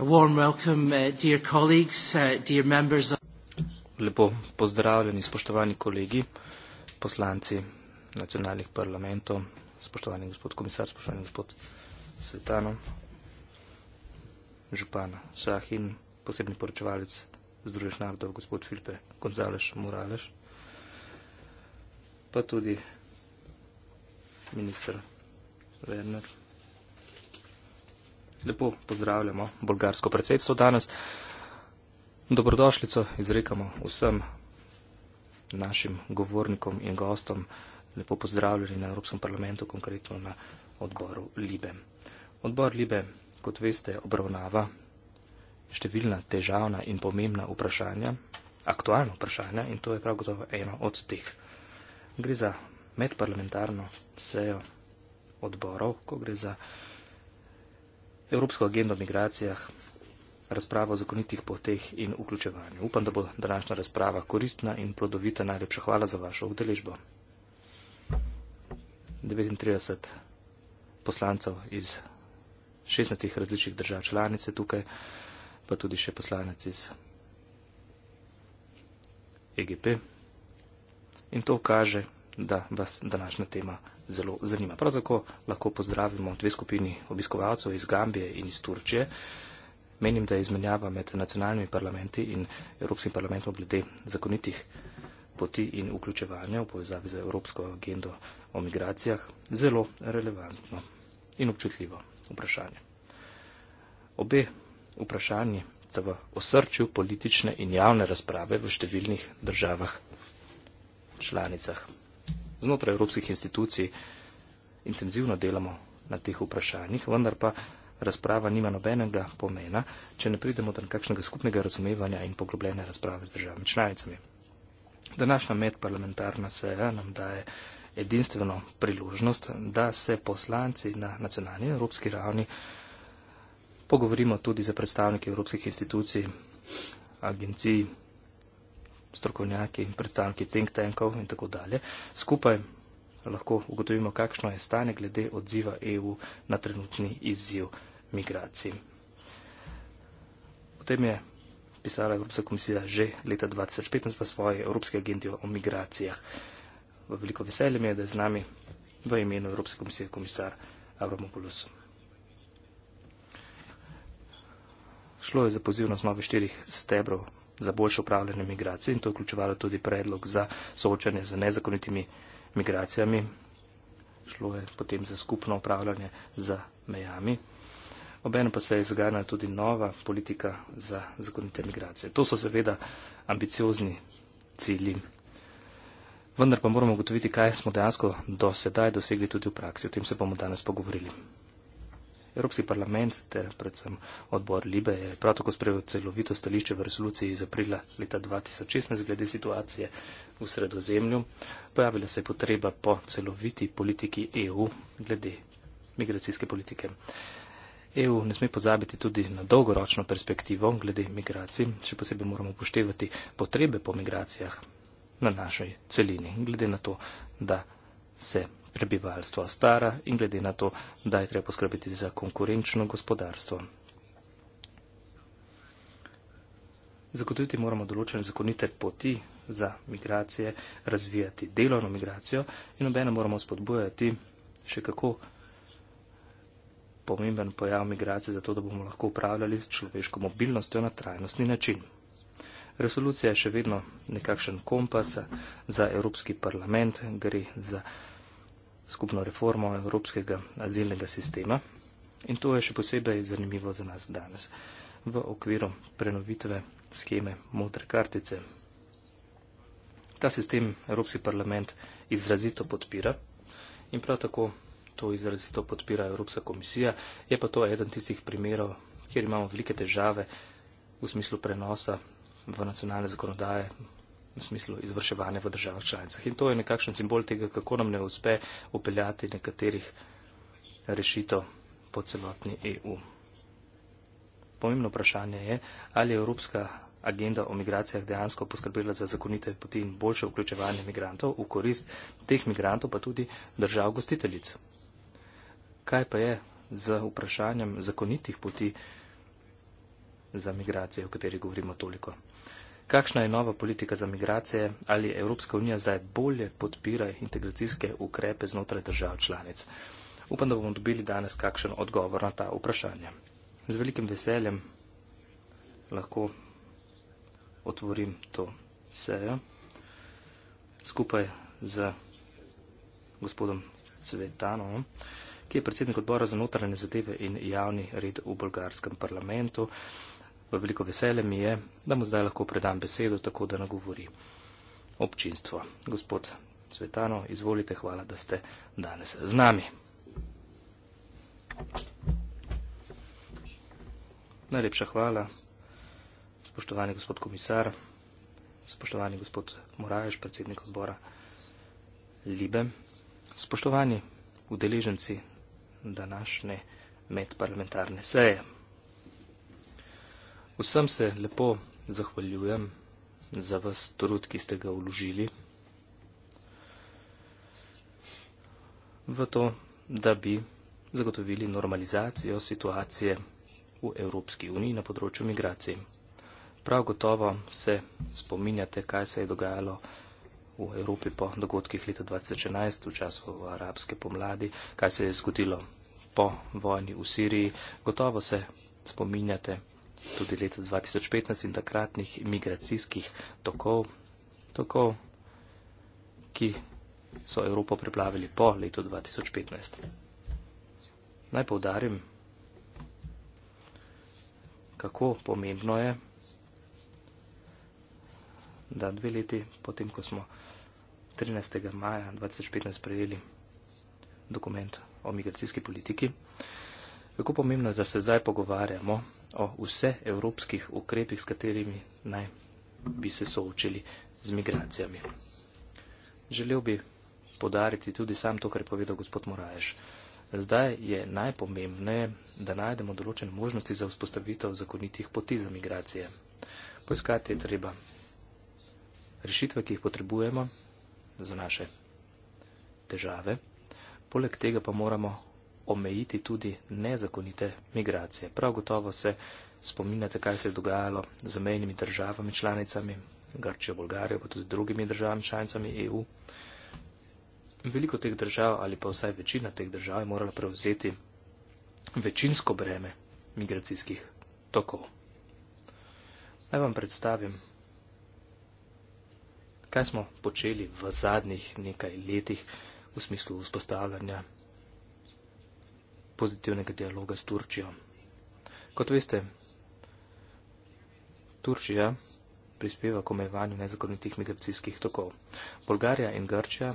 A warm welcome, uh, dear colleagues, uh, dear members of Lepo pozdravljeni, spoštovani kolegi, poslanci nacionalnih parlamentov, spoštovani gospod komisar, spoštovani gospod Svetano, župan Sahin, posebni poročevalec Združenih narodov, gospod Filipe Gonzalez Morales, pa tudi minister Werner. Lepo pozdravljamo bolgarsko predsedstvo danes. Dobrodošlico izrekamo vsem našim govornikom in gostom. Lepo pozdravljeni na Evropskem parlamentu, konkretno na odboru Libe. Odbor Libe, kot veste, obravnava številna težavna in pomembna vprašanja, aktualna vprašanja in to je prav gotovo eno od teh. Gre za medparlamentarno sejo odborov, ko gre za Evropsko agendo o migracijah, razpravo o zakonitih poteh in vključevanju. Upam, da bo današnja razprava koristna in plodovita. Najlepša hvala za vašo udeležbo. 39 poslancev iz 16 različnih držav članic je tukaj, pa tudi še poslanec iz EGP. In to kaže, da vas današnja tema zelo zanima. Prav tako lahko pozdravimo dve skupini obiskovalcev iz Gambije in iz Turčije. Menim, da je izmenjava med nacionalnimi parlamenti in Evropskim parlamentom glede zakonitih poti in vključevanja v povezavi z Evropsko agendo o migracijah zelo relevantno in občutljivo vprašanje. Obe vprašanje sta v osrčju politične in javne razprave v številnih državah članicah znotraj evropskih institucij intenzivno delamo na teh vprašanjih, vendar pa razprava nima nobenega pomena, če ne pridemo do nekakšnega skupnega razumevanja in poglobljene razprave z državami članicami. Današnja medparlamentarna seja nam daje edinstveno priložnost, da se poslanci na nacionalni evropski ravni pogovorimo tudi za predstavniki evropskih institucij, agencij, strokovnjaki in predstavniki think tankov in tako dalje. Skupaj lahko ugotovimo, kakšno je stanje glede odziva EU na trenutni izziv migracij. Potem je pisala Evropska komisija že leta 2015 v svoji Evropski agendi o migracijah. V veliko veselje mi je, da je z nami v imenu Evropske komisije komisar Avramopoulos. Šlo je za poziv na osnovi štirih stebrov za boljše upravljanje migracij in to je vključevalo tudi predlog za soočanje z nezakonitimi migracijami. Šlo je potem za skupno upravljanje za mejami. Obenem pa se je zagajala tudi nova politika za zakonite migracije. To so seveda ambiciozni cilji. Vendar pa moramo ugotoviti, kaj smo dejansko do sedaj dosegli tudi v praksi. O tem se bomo danes pogovorili. Evropski parlament ter predvsem odbor Libe je prav tako sprejel celovito stališče v resoluciji iz aprila leta 2016 glede situacije v sredozemlju. Pojavila se je potreba po celoviti politiki EU glede migracijske politike. EU ne sme pozabiti tudi na dolgoročno perspektivo glede migracij, še posebej moramo upoštevati potrebe po migracijah na našoj celini, glede na to, da se prebivalstvo stara in glede na to, da je treba poskrbeti za konkurenčno gospodarstvo. Zagotoviti moramo določene zakonite poti za migracije, razvijati delovno migracijo in obene moramo spodbujati še kako pomemben pojav migracije, zato da bomo lahko upravljali s človeško mobilnostjo na trajnostni način. Resolucija je še vedno nekakšen kompas za Evropski parlament, gre za skupno reformo evropskega azilnega sistema. In to je še posebej zanimivo za nas danes v okviru prenovitve scheme modre kartice. Ta sistem Evropski parlament izrazito podpira in prav tako to izrazito podpira Evropska komisija. Je pa to eden tistih primerov, kjer imamo velike težave v smislu prenosa v nacionalne zakonodaje v smislu izvrševanja v državah članicah. In to je nekakšen simbol tega, kako nam ne uspe upeljati nekaterih rešitev po celotni EU. Pomembno vprašanje je, ali je Evropska agenda o migracijah dejansko poskrbela za zakonite poti in boljše vključevanje migrantov v korist teh migrantov, pa tudi držav gostiteljic. Kaj pa je z vprašanjem zakonitih poti za migracije, o kateri govorimo toliko? Kakšna je nova politika za migracije? Ali Evropska unija zdaj bolje podpira integracijske ukrepe znotraj držav članic? Upam, da bomo dobili danes kakšen odgovor na ta vprašanja. Z velikim veseljem lahko otvorim to sejo skupaj z gospodom Cvetanovom, ki je predsednik odbora za notranje zadeve in javni red v bolgarskem parlamentu veliko vesele mi je, da mu zdaj lahko predam besedo, tako da nagovori občinstvo. Gospod Cvetano, izvolite, hvala, da ste danes z nami. Najlepša hvala, spoštovani gospod komisar, spoštovani gospod Moraješ, predsednik odbora Libe, spoštovani udeleženci današnje medparlamentarne seje. Vsem se lepo zahvaljujem za vas trud, ki ste ga vložili v to, da bi zagotovili normalizacijo situacije v Evropski uniji na področju migracij. Prav gotovo se spominjate, kaj se je dogajalo v Evropi po dogodkih leta 2011 v času arabske pomladi, kaj se je zgodilo po vojni v Siriji. Gotovo se spominjate, tudi leta 2015 in takratnih migracijskih tokov, tokov, ki so Evropo preplavili po letu 2015. Naj povdarim, kako pomembno je, da dve leti potem, ko smo 13. maja 2015 prejeli dokument o migracijski politiki, kako pomembno je, da se zdaj pogovarjamo o vseh evropskih ukrepih, s katerimi naj bi se soočili z migracijami. Želel bi podariti tudi sam to, kar je povedal gospod Moraješ. Zdaj je najpomembneje, da najdemo določene možnosti za vzpostavitev zakonitih poti za migracije. Poiskati je treba rešitve, ki jih potrebujemo za naše težave. Poleg tega pa moramo omejiti tudi nezakonite migracije. Prav gotovo se spominjate, kaj se je dogajalo z mejnimi državami članicami, Grčijo, Bolgarijo, pa tudi drugimi državami članicami EU. Veliko teh držav ali pa vsaj večina teh držav je morala prevzeti večinsko breme migracijskih tokov. Naj vam predstavim, kaj smo počeli v zadnjih nekaj letih v smislu vzpostavljanja pozitivnega dialoga s Turčijo. Kot veste, Turčija prispeva k omejevanju nezakonitih migracijskih tokov. Bolgarija in Grčija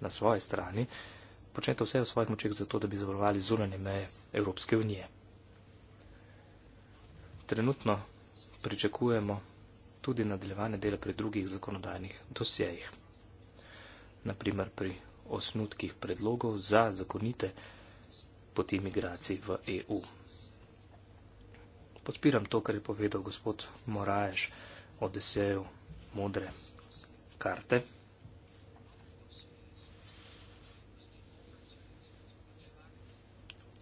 na svoji strani počnete vse v svojih močeh za to, da bi zavarovali zunanje meje Evropske unije. Trenutno pričakujemo tudi nadaljevanje dela pri drugih zakonodajnih dosjejih, naprimer pri osnutkih predlogov za zakonite poti migracij v EU. Podpiram to, kar je povedal gospod Moraješ o deseju modre karte.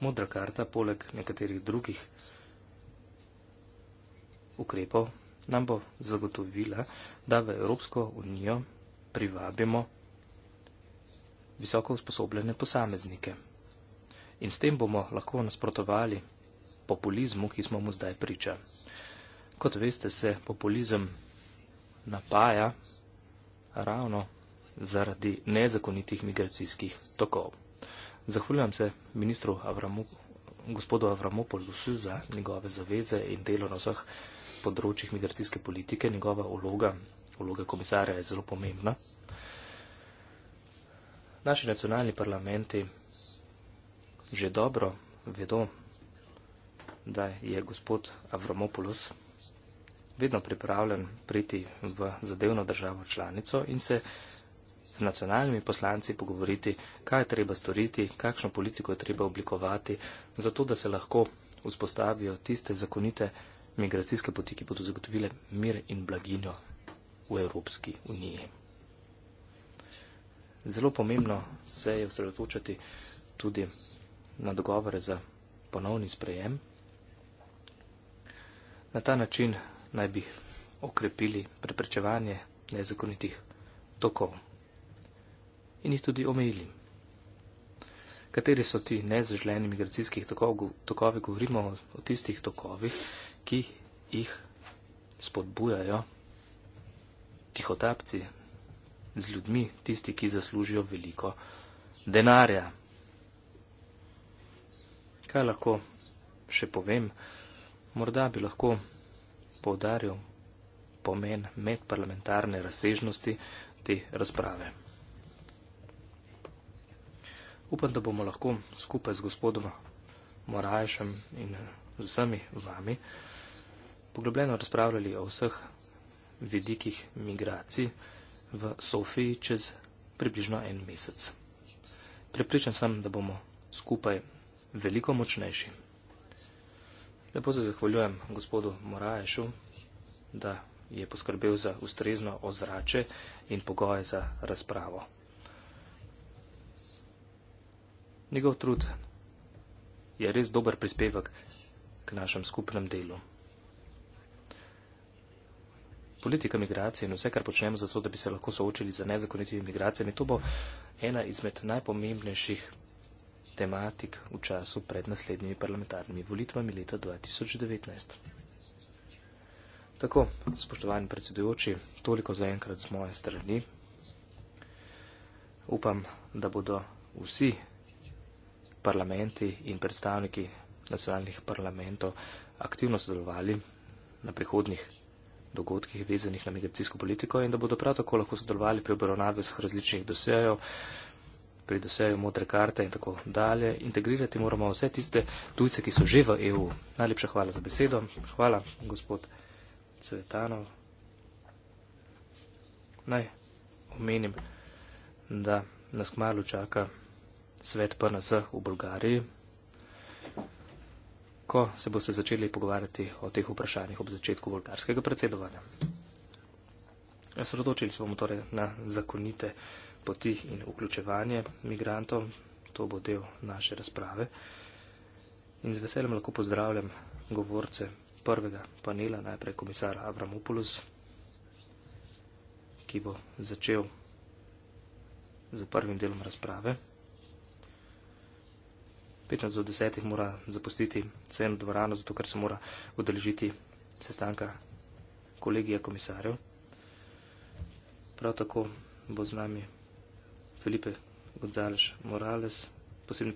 Modra karta, poleg nekaterih drugih ukrepov, nam bo zagotovila, da v Evropsko unijo privabimo visoko usposobljene posameznike in s tem bomo lahko nasprotovali populizmu, ki smo mu zdaj priča. Kot veste, se populizem napaja ravno zaradi nezakonitih migracijskih tokov. Zahvaljujem se ministru Avramu, gospodu Avramopolusu za njegove zaveze in delo na vseh področjih migracijske politike. Njegova vloga, vloga komisarja je zelo pomembna. Naši nacionalni parlamenti že dobro vedo, da je gospod Avromopoulos vedno pripravljen priti v zadevno državo članico in se z nacionalnimi poslanci pogovoriti, kaj je treba storiti, kakšno politiko je treba oblikovati, zato da se lahko vzpostavijo tiste zakonite migracijske poti, ki bodo zagotovile mir in blaginjo v Evropski uniji. Zelo pomembno se je osredotočati tudi na dogovore za ponovni sprejem. Na ta način naj bi okrepili preprečevanje nezakonitih tokov in jih tudi omejili. Kateri so ti nezaželeni migracijskih tokovi? Govorimo o tistih tokovih, ki jih spodbujajo tihotapci z ljudmi, tisti, ki zaslužijo veliko denarja. Kaj lahko še povem? Morda bi lahko povdaril pomen medparlamentarne razsežnosti te razprave. Upam, da bomo lahko skupaj z gospodom Morajšem in z vsemi vami poglobljeno razpravljali o vseh vidikih migracij v Sofiji čez približno en mesec. Prepričan sem, da bomo skupaj veliko močnejši. Lepo se zahvaljujem gospodu Morajšu, da je poskrbel za ustrezno ozrače in pogoje za razpravo. Njegov trud je res dober prispevek k našem skupnem delu. Politika migracije in vse, kar počnemo za to, da bi se lahko soočili za nezakonitimi migracijami, to bo ena izmed najpomembnejših tematik v času pred naslednjimi parlamentarnimi volitvami leta 2019. Tako, spoštovani predsedujoči, toliko zaenkrat z moje strani. Upam, da bodo vsi parlamenti in predstavniki nacionalnih parlamentov aktivno sodelovali na prihodnih dogodkih vezanih na migracijsko politiko in da bodo prav tako lahko sodelovali pri obravnavi različnih dosejev, pri dosejo modre karte in tako dalje. Integrirati moramo vse tiste tujce, ki so že v EU. Najlepša hvala za besedo. Hvala, gospod Cvetanov. Naj omenim, da nas kmalo čaka svet PNZ v Bolgariji, ko se boste začeli pogovarjati o teh vprašanjih ob začetku bolgarskega predsedovanja. Sredočili smo torej na zakonite poti in vključevanje migrantov. To bo del naše razprave. In z veseljem lahko pozdravljam govorce prvega panela, najprej komisar Avramopoulos, ki bo začel z prvim delom razprave. 15 do 10 mora zapustiti ceno dvorano, zato ker se mora udeležiti sestanka kolegija komisarjev. Prav tako bo z nami Felipe Gonzalez Morales, posebni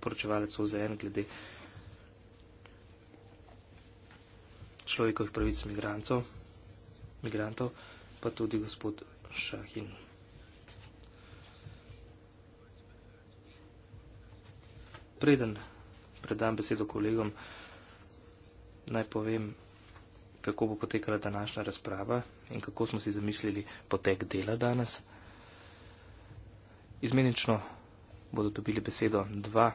poročevalec OZN glede človekovih pravic migrancov, migrantov, pa tudi gospod Šahin. Preden predam besedo kolegom, naj povem, kako bo potekala današnja razprava in kako smo si zamislili potek dela danes. Izmenično bodo dobili besedo dva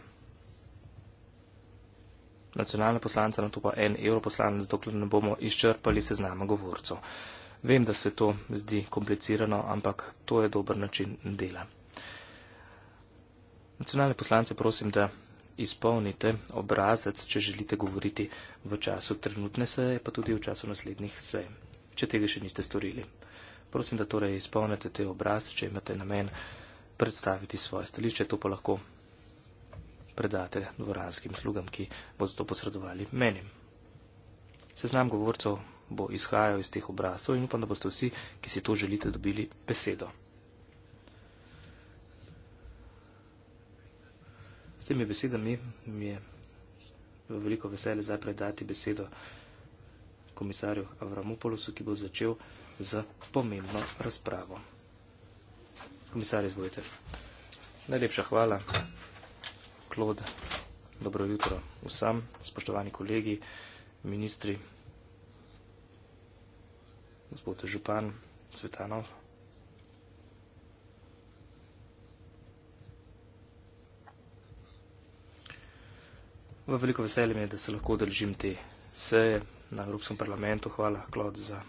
nacionalna poslanca, na to pa en europoslanec, dokler ne bomo izčrpali seznama govorcev. Vem, da se to zdi komplicirano, ampak to je dober način dela. Nacionalne poslance prosim, da izpolnite obrazec, če želite govoriti v času trenutne seje, pa tudi v času naslednjih sej, če tega še niste storili. Prosim, da torej izpolnite te obrazce, če imate namen predstaviti svoje stališče, to pa lahko predate dvoranskim slugam, ki bodo to posredovali meni. Seznam govorcev bo izhajal iz teh obrazov in upam, da boste vsi, ki si to želite, dobili besedo. S temi besedami mi je v veliko veselje zdaj predati besedo komisarju Avramopolosu, ki bo začel z pomembno razpravo komisar, izvolite. Najlepša hvala, Klod, dobro jutro vsem, spoštovani kolegi, ministri, gospod Župan, Cvetanov. V veliko veselje mi je, da se lahko držim te seje na Evropskem parlamentu. Hvala, Klod, za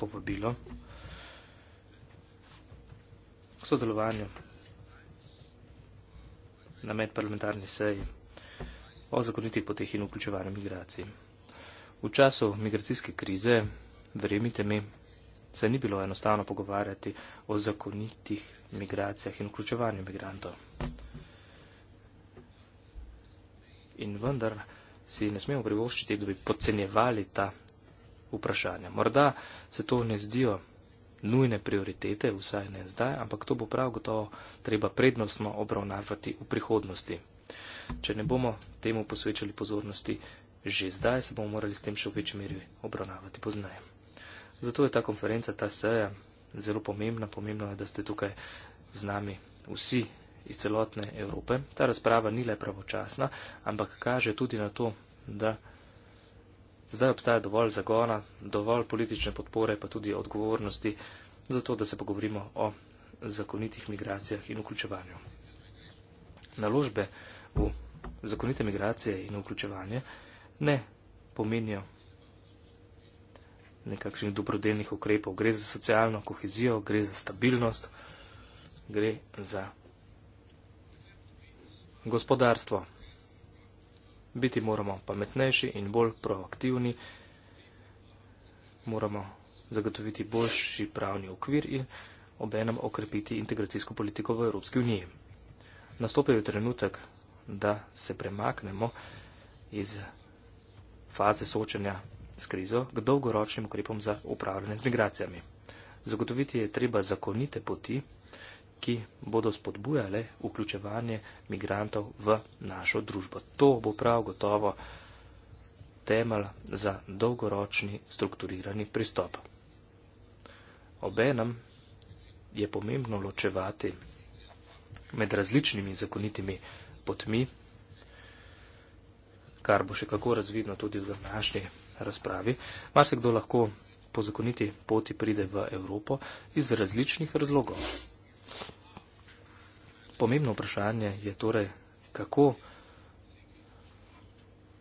povabilo sodelovanju na medparlamentarni seji o zakonitih poteh in vključevanju migracij. V času migracijske krize, verjemite mi, se ni bilo enostavno pogovarjati o zakonitih migracijah in vključevanju migrantov. In vendar si ne smemo privoščiti, da bi podcenjevali ta vprašanja. Morda se to ne zdijo nujne prioritete, vsaj ne zdaj, ampak to bo prav gotovo treba prednostno obravnavati v prihodnosti. Če ne bomo temu posvečali pozornosti že zdaj, se bomo morali s tem še v večji meri obravnavati poznaje. Zato je ta konferenca, ta seja zelo pomembna. Pomembno je, da ste tukaj z nami vsi iz celotne Evrope. Ta razprava ni le pravočasna, ampak kaže tudi na to, da Zdaj obstaja dovolj zagona, dovolj politične podpore, pa tudi odgovornosti, zato da se pogovorimo o zakonitih migracijah in vključevanju. Naložbe v zakonite migracije in vključevanje ne pomenijo nekakšnih dobrodelnih ukrepov. Gre za socialno kohezijo, gre za stabilnost, gre za gospodarstvo. Biti moramo pametnejši in bolj proaktivni, moramo zagotoviti boljši pravni okvir in obenem okrepiti integracijsko politiko v Evropski uniji. Nastopil je trenutek, da se premaknemo iz faze soočanja s krizo k dolgoročnim ukrepom za upravljanje z migracijami. Zagotoviti je treba zakonite poti ki bodo spodbujale vključevanje migrantov v našo družbo. To bo prav gotovo temelj za dolgoročni strukturirani pristop. Obenem je pomembno ločevati med različnimi zakonitimi potmi, kar bo še kako razvidno tudi v današnji razpravi. Marsikdo lahko po zakoniti poti pride v Evropo iz različnih razlogov. Pomembno vprašanje je torej, kako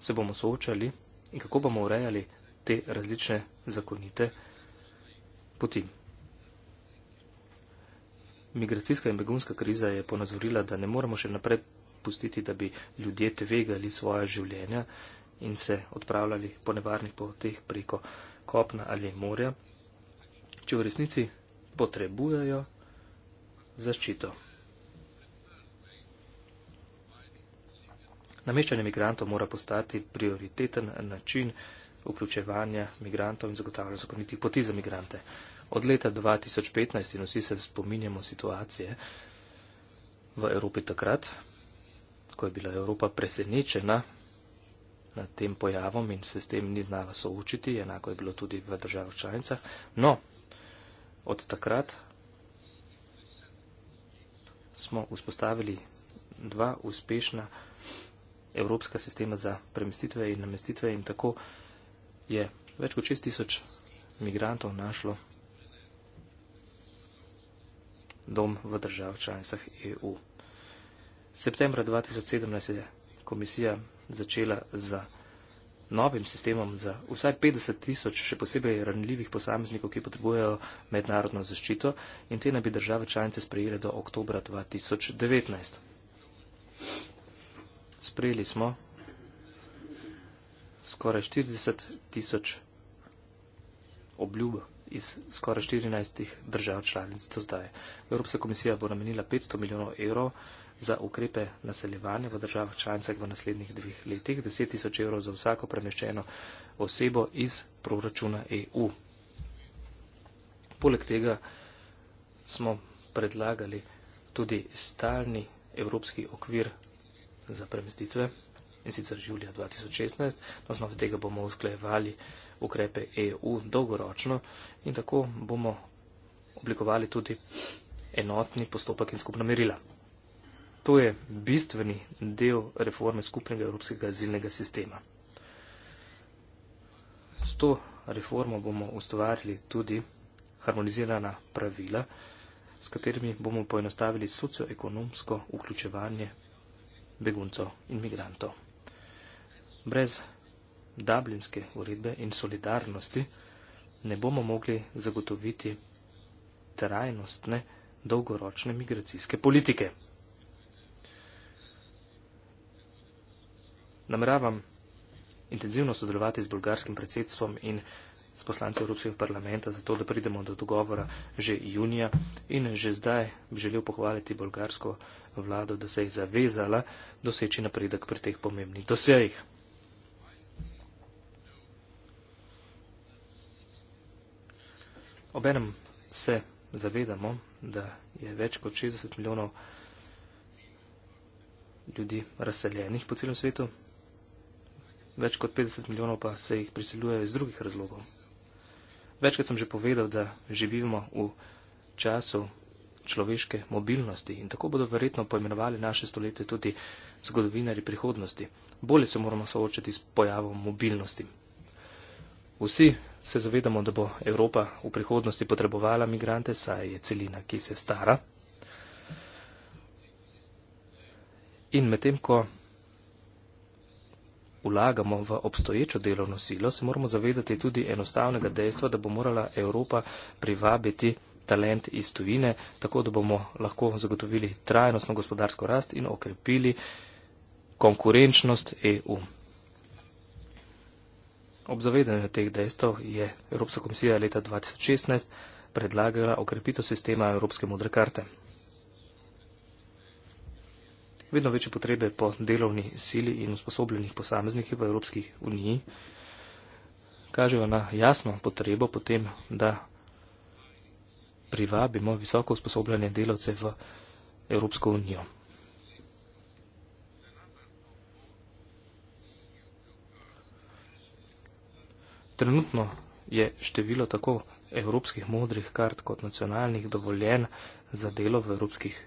se bomo soočali in kako bomo urejali te različne zakonite poti. Migracijska in begunska kriza je ponazorila, da ne moremo še naprej pustiti, da bi ljudje tvegali svoja življenja in se odpravljali po nevarnih poteh preko kopna ali morja, če v resnici potrebujejo zaščito. Nameščanje migrantov mora postati prioriteten način vključevanja migrantov in zagotavljanja zakonitih poti za migrante. Od leta 2015 in vsi se spominjamo situacije v Evropi takrat, ko je bila Evropa presenečena nad tem pojavom in se s tem ni znala soočiti, enako je bilo tudi v državah članicah. No, od takrat smo vzpostavili dva uspešna evropska sistema za premestitve in namestitve in tako je več kot 6000 migrantov našlo dom v državah članicah EU. Septembra 2017 je komisija začela za novim sistemom za vsaj 50 tisoč še posebej ranljivih posameznikov, ki potrebujejo mednarodno zaščito in te naj bi države članice sprejele do oktobra 2019 sprejeli smo skoraj 40 tisoč obljub iz skoraj 14 držav članic do zdaj. Evropska komisija bo namenila 500 milijonov evrov za ukrepe naseljevanja v državah članicah v naslednjih dveh letih, 10 tisoč evrov za vsako premeščeno osebo iz proračuna EU. Poleg tega smo predlagali tudi stalni evropski okvir za premestitve in sicer julija 2016. Na osnovi tega bomo usklajevali ukrepe EU dolgoročno in tako bomo oblikovali tudi enotni postopek in skupna merila. To je bistveni del reforme skupnega evropskega azilnega sistema. S to reformo bomo ustvarili tudi harmonizirana pravila, s katerimi bomo poenostavili socioekonomsko vključevanje beguncev in migrantov. Brez dublinske uredbe in solidarnosti ne bomo mogli zagotoviti trajnostne dolgoročne migracijske politike. Nameravam intenzivno sodelovati z bolgarskim predsedstvom in s poslanci Evropskega parlamenta, zato da pridemo do dogovora že junija. In že zdaj bi želel pohvaliti bolgarsko vlado, da se je zavezala doseči napredek pri teh pomembnih dosejih. Obenem se zavedamo, da je več kot 60 milijonov ljudi razseljenih po celem svetu, več kot 50 milijonov pa se jih priseljuje iz drugih razlogov. Večkrat sem že povedal, da živimo v času človeške mobilnosti in tako bodo verjetno poimenovali naše stoletje tudi zgodovinari prihodnosti. Bolje se moramo soočati s pojavom mobilnosti. Vsi se zavedamo, da bo Evropa v prihodnosti potrebovala migrante, saj je celina, ki se stara. In medtem, ko vlagamo v obstoječo delovno silo, se moramo zavedati tudi enostavnega dejstva, da bo morala Evropa privabiti talent iz tujine, tako da bomo lahko zagotovili trajnostno gospodarsko rast in okrepili konkurenčnost EU. Ob zavedanju teh dejstev je Evropska komisija leta 2016 predlagala okrepitev sistema Evropske modre karte vedno večje potrebe po delovni sili in usposobljenih posameznikih v Evropski uniji kažejo na jasno potrebo potem, da privabimo visoko usposobljene delavce v Evropsko unijo. Trenutno je število tako evropskih modrih kart kot nacionalnih dovoljen za delo v evropskih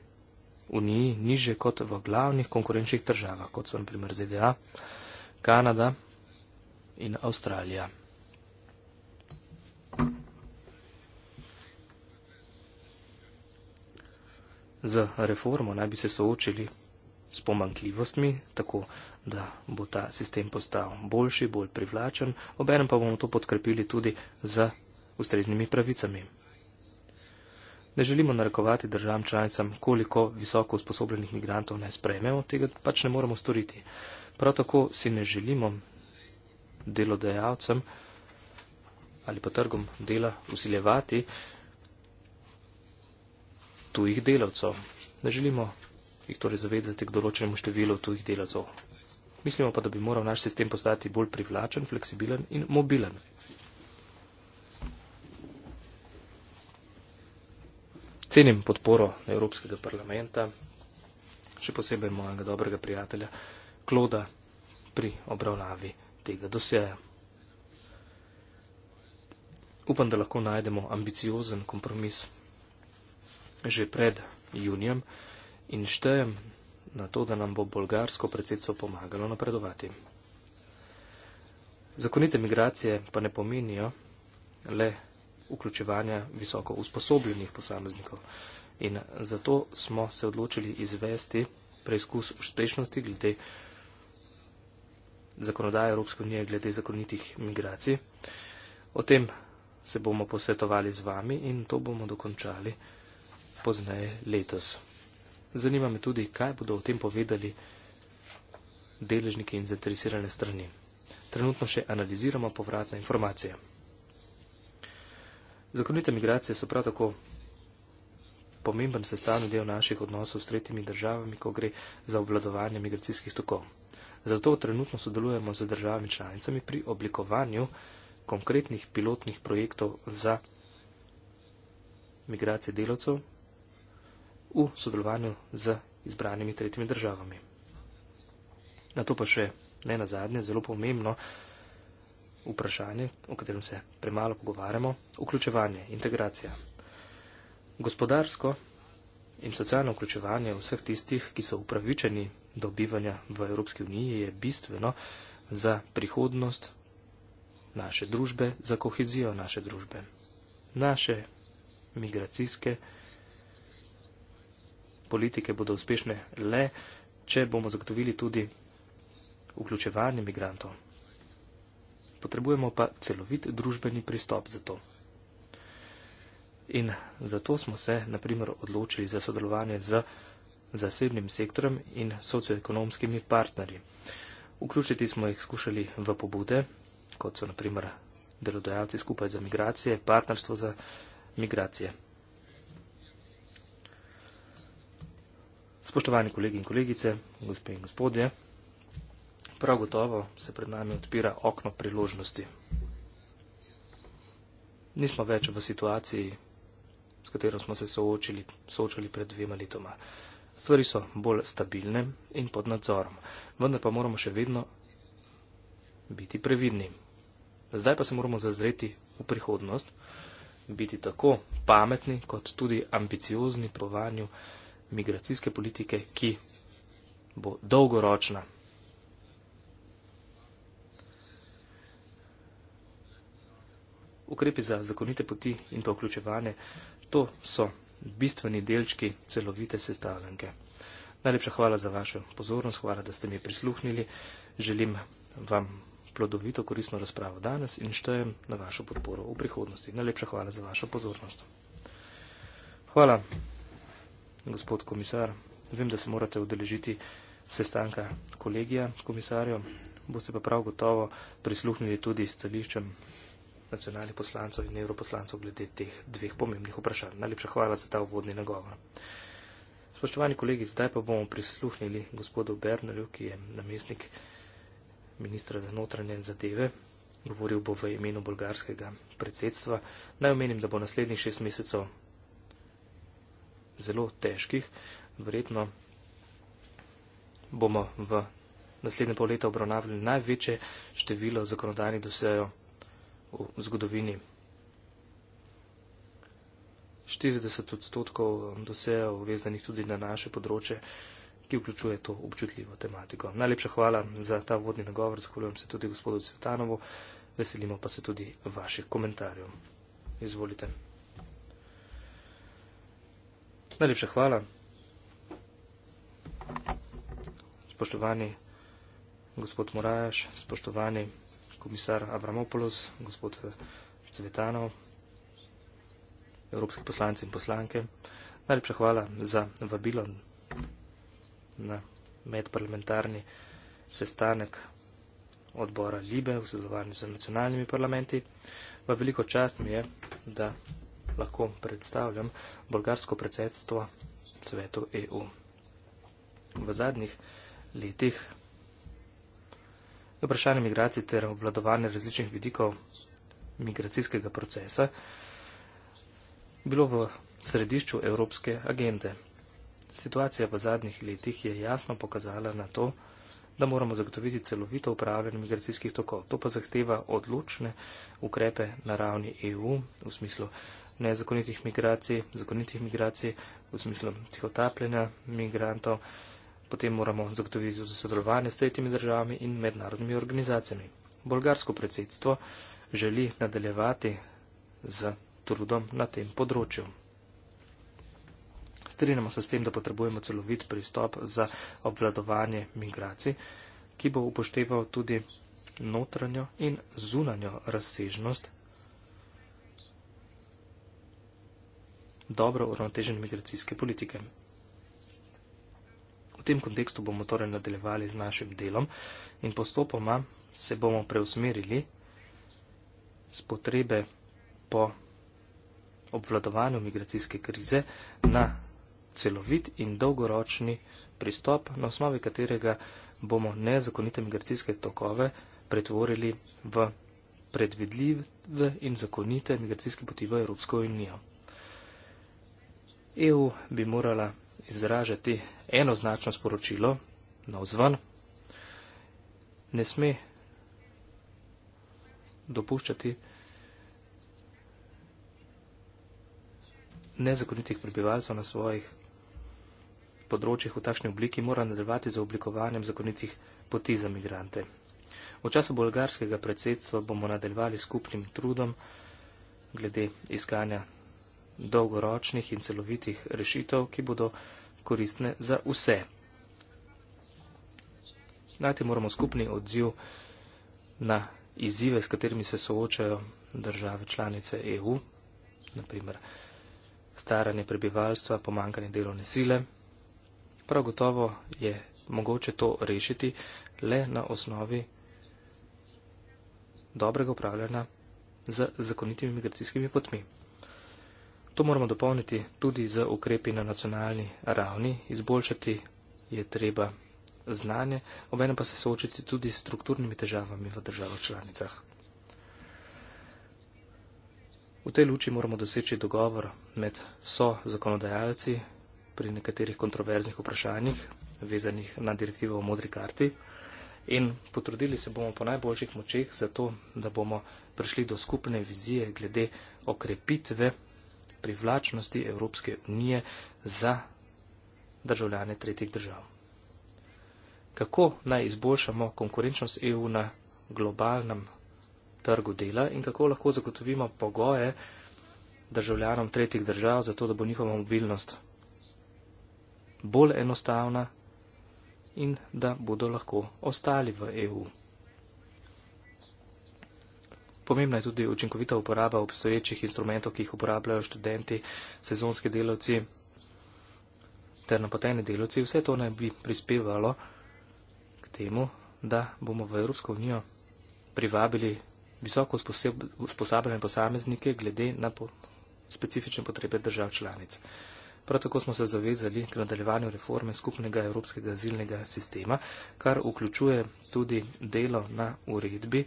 uniji niže kot v glavnih konkurenčnih državah, kot so naprimer ZDA, Kanada in Avstralija. Z reformo naj bi se soočili s pomankljivostmi, tako da bo ta sistem postal boljši, bolj privlačen, obenem pa bomo to podkrepili tudi z ustreznimi pravicami. Ne želimo narekovati državam članicam, koliko visoko usposobljenih migrantov ne sprejmemo, tega pač ne moremo storiti. Prav tako si ne želimo delodajalcem ali pa trgom dela usiljevati tujih delavcev. Ne želimo jih torej zavedati k določenemu številu tujih delavcev. Mislimo pa, da bi moral naš sistem postati bolj privlačen, fleksibilen in mobilen. Cenim podporo Evropskega parlamenta, še posebej mojega dobrega prijatelja Kloda pri obravnavi tega doseja. Upam, da lahko najdemo ambiciozen kompromis že pred junijem in štejem na to, da nam bo bolgarsko predsedstvo pomagalo napredovati. Zakonite migracije pa ne pomenijo le vključevanja visoko usposobljenih posameznikov. In zato smo se odločili izvesti preizkus uspešnosti glede zakonodaje Evropske unije, glede zakonitih migracij. O tem se bomo posvetovali z vami in to bomo dokončali pozneje letos. Zanima me tudi, kaj bodo o tem povedali deležniki in zainteresirane strani. Trenutno še analiziramo povratne informacije. Zakonite migracije so prav tako pomemben sestavni del naših odnosov s tretjimi državami, ko gre za obvladovanje migracijskih tokov. Zato trenutno sodelujemo z državami članicami pri oblikovanju konkretnih pilotnih projektov za migracije delavcev v sodelovanju z izbranimi tretjimi državami. Na to pa še ne na zadnje, zelo pomembno, vprašanje, o katerem se premalo pogovarjamo, vključevanje, integracija. Gospodarsko in socialno vključevanje vseh tistih, ki so upravičeni do bivanja v Evropski uniji, je bistveno za prihodnost naše družbe, za kohezijo naše družbe. Naše migracijske politike bodo uspešne le, če bomo zagotovili tudi vključevanje migrantov potrebujemo pa celovit družbeni pristop za to. In zato smo se, na primer, odločili za sodelovanje z zasebnim sektorem in socioekonomskimi partnerji. Vključiti smo jih skušali v pobude, kot so na primer delodajalci skupaj za migracije, partnerstvo za migracije. Spoštovani kolegi in kolegice, gospe in gospodje prav gotovo se pred nami odpira okno priložnosti. Nismo več v situaciji, s katero smo se soočili, soočali pred dvema letoma. Stvari so bolj stabilne in pod nadzorom, vendar pa moramo še vedno biti previdni. Zdaj pa se moramo zazreti v prihodnost, biti tako pametni kot tudi ambiciozni po vanju migracijske politike, ki bo dolgoročna ukrepi za zakonite poti in pa vključevanje, to so bistveni delčki celovite sestavljanke. Najlepša hvala za vašo pozornost, hvala, da ste mi prisluhnili. Želim vam plodovito korisno razpravo danes in štejem na vašo podporo v prihodnosti. Najlepša hvala za vašo pozornost. Hvala, gospod komisar. Vem, da se morate udeležiti sestanka kolegija komisarjev, boste pa prav gotovo prisluhnili tudi stališčem nacionalnih poslancev in evroposlancev glede teh dveh pomembnih vprašanj. Najlepša hvala za ta uvodni nagovor. Spoštovani kolegi, zdaj pa bomo prisluhnili gospodu Bernalju, ki je namestnik ministra za notranje zadeve. Govoril bo v imenu bolgarskega predsedstva. Naj omenim, da bo naslednjih šest mesecev zelo težkih. Verjetno bomo v naslednje pol leta obravnavili največje število zakonodajnih dosejev v zgodovini. 40 odstotkov um, dosejev vezanih tudi na naše področje, ki vključuje to občutljivo tematiko. Najlepša hvala za ta vodni nagovor, zahvaljujem se tudi gospodu Cvetanovu, veselimo pa se tudi vaših komentarjev. Izvolite. Najlepša hvala. Spoštovani gospod Morajaš, spoštovani komisar Avramopoulos, gospod eh, Cvetano, evropski poslanci in poslanke. Najlepša hvala za vabilo na medparlamentarni sestanek odbora Libe v sodelovanju z nacionalnimi parlamenti. V veliko čast mi je, da lahko predstavljam bolgarsko predsedstvo svetu EU. V zadnjih letih vprašanje migracij ter obvladovanje različnih vidikov migracijskega procesa bilo v središču evropske agende. Situacija v zadnjih letih je jasno pokazala na to, da moramo zagotoviti celovito upravljanje migracijskih tokov. To pa zahteva odločne ukrepe na ravni EU v smislu nezakonitih migracij, zakonitih migracij v smislu tihotapljenja migrantov potem moramo zagotoviti tudi sodelovanje s tretjimi državami in mednarodnimi organizacijami. Bolgarsko predsedstvo želi nadaljevati z trudom na tem področju. Strinjamo se s tem, da potrebujemo celovit pristop za obvladovanje migracij, ki bo upošteval tudi notranjo in zunanjo razsežnost dobro uravnotežene migracijske politike. V tem kontekstu bomo torej nadaljevali z našim delom in postopoma se bomo preusmerili z potrebe po obvladovanju migracijske krize na celovit in dolgoročni pristop, na osnovi katerega bomo nezakonite migracijske tokove pretvorili v predvidljive in zakonite migracijske poti v Evropsko unijo. EU bi morala izražati enoznačno sporočilo na vzven, ne sme dopuščati nezakonitih prebivalcev na svojih področjih v takšni obliki, mora nadaljevati za oblikovanjem zakonitih poti za migrante. V času bolgarskega predsedstva bomo nadaljevali skupnim trudom glede iskanja dolgoročnih in celovitih rešitev, ki bodo koristne za vse. Najti moramo skupni odziv na izzive, s katerimi se soočajo države članice EU, naprimer staranje prebivalstva, pomankanje delovne sile. Prav gotovo je mogoče to rešiti le na osnovi dobrega upravljanja z zakonitimi migracijskimi potmi. To moramo dopolniti tudi z ukrepi na nacionalni ravni. Izboljšati je treba znanje, obenem pa se soočiti tudi s strukturnimi težavami v državah članicah. V tej luči moramo doseči dogovor med so zakonodajalci pri nekaterih kontroverznih vprašanjih, vezanih na direktivo o modri karti. In potrudili se bomo po najboljših močeh za to, da bomo prišli do skupne vizije glede okrepitve privlačnosti Evropske unije za državljane tretjih držav. Kako naj izboljšamo konkurenčnost EU na globalnem trgu dela in kako lahko zagotovimo pogoje državljanom tretjih držav za to, da bo njihova mobilnost bolj enostavna in da bodo lahko ostali v EU. Pomembna je tudi učinkovita uporaba obstoječih instrumentov, ki jih uporabljajo študenti, sezonski delavci ter napoteni delavci. Vse to naj bi prispevalo k temu, da bomo v Evropsko unijo privabili visoko usposabljene posameznike glede na po specifične potrebe držav članic. Prav tako smo se zavezali k nadaljevanju reforme skupnega evropskega azilnega sistema, kar vključuje tudi delo na uredbi,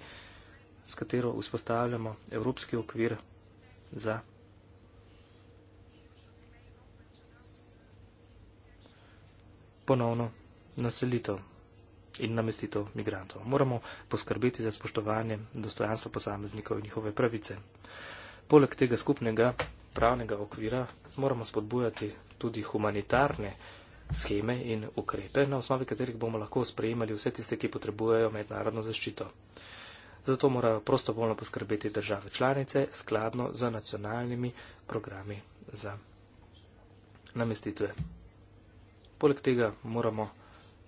s katero vzpostavljamo evropski okvir za ponovno naselitev in namestitev migrantov. Moramo poskrbeti za spoštovanje dostojanstva posameznikov in njihove pravice. Poleg tega skupnega pravnega okvira moramo spodbujati tudi humanitarne scheme in ukrepe, na osnovi katerih bomo lahko sprejemali vse tiste, ki potrebujejo mednarodno zaščito zato morajo prostovoljno poskrbeti države članice skladno z nacionalnimi programi za namestitve. Poleg tega moramo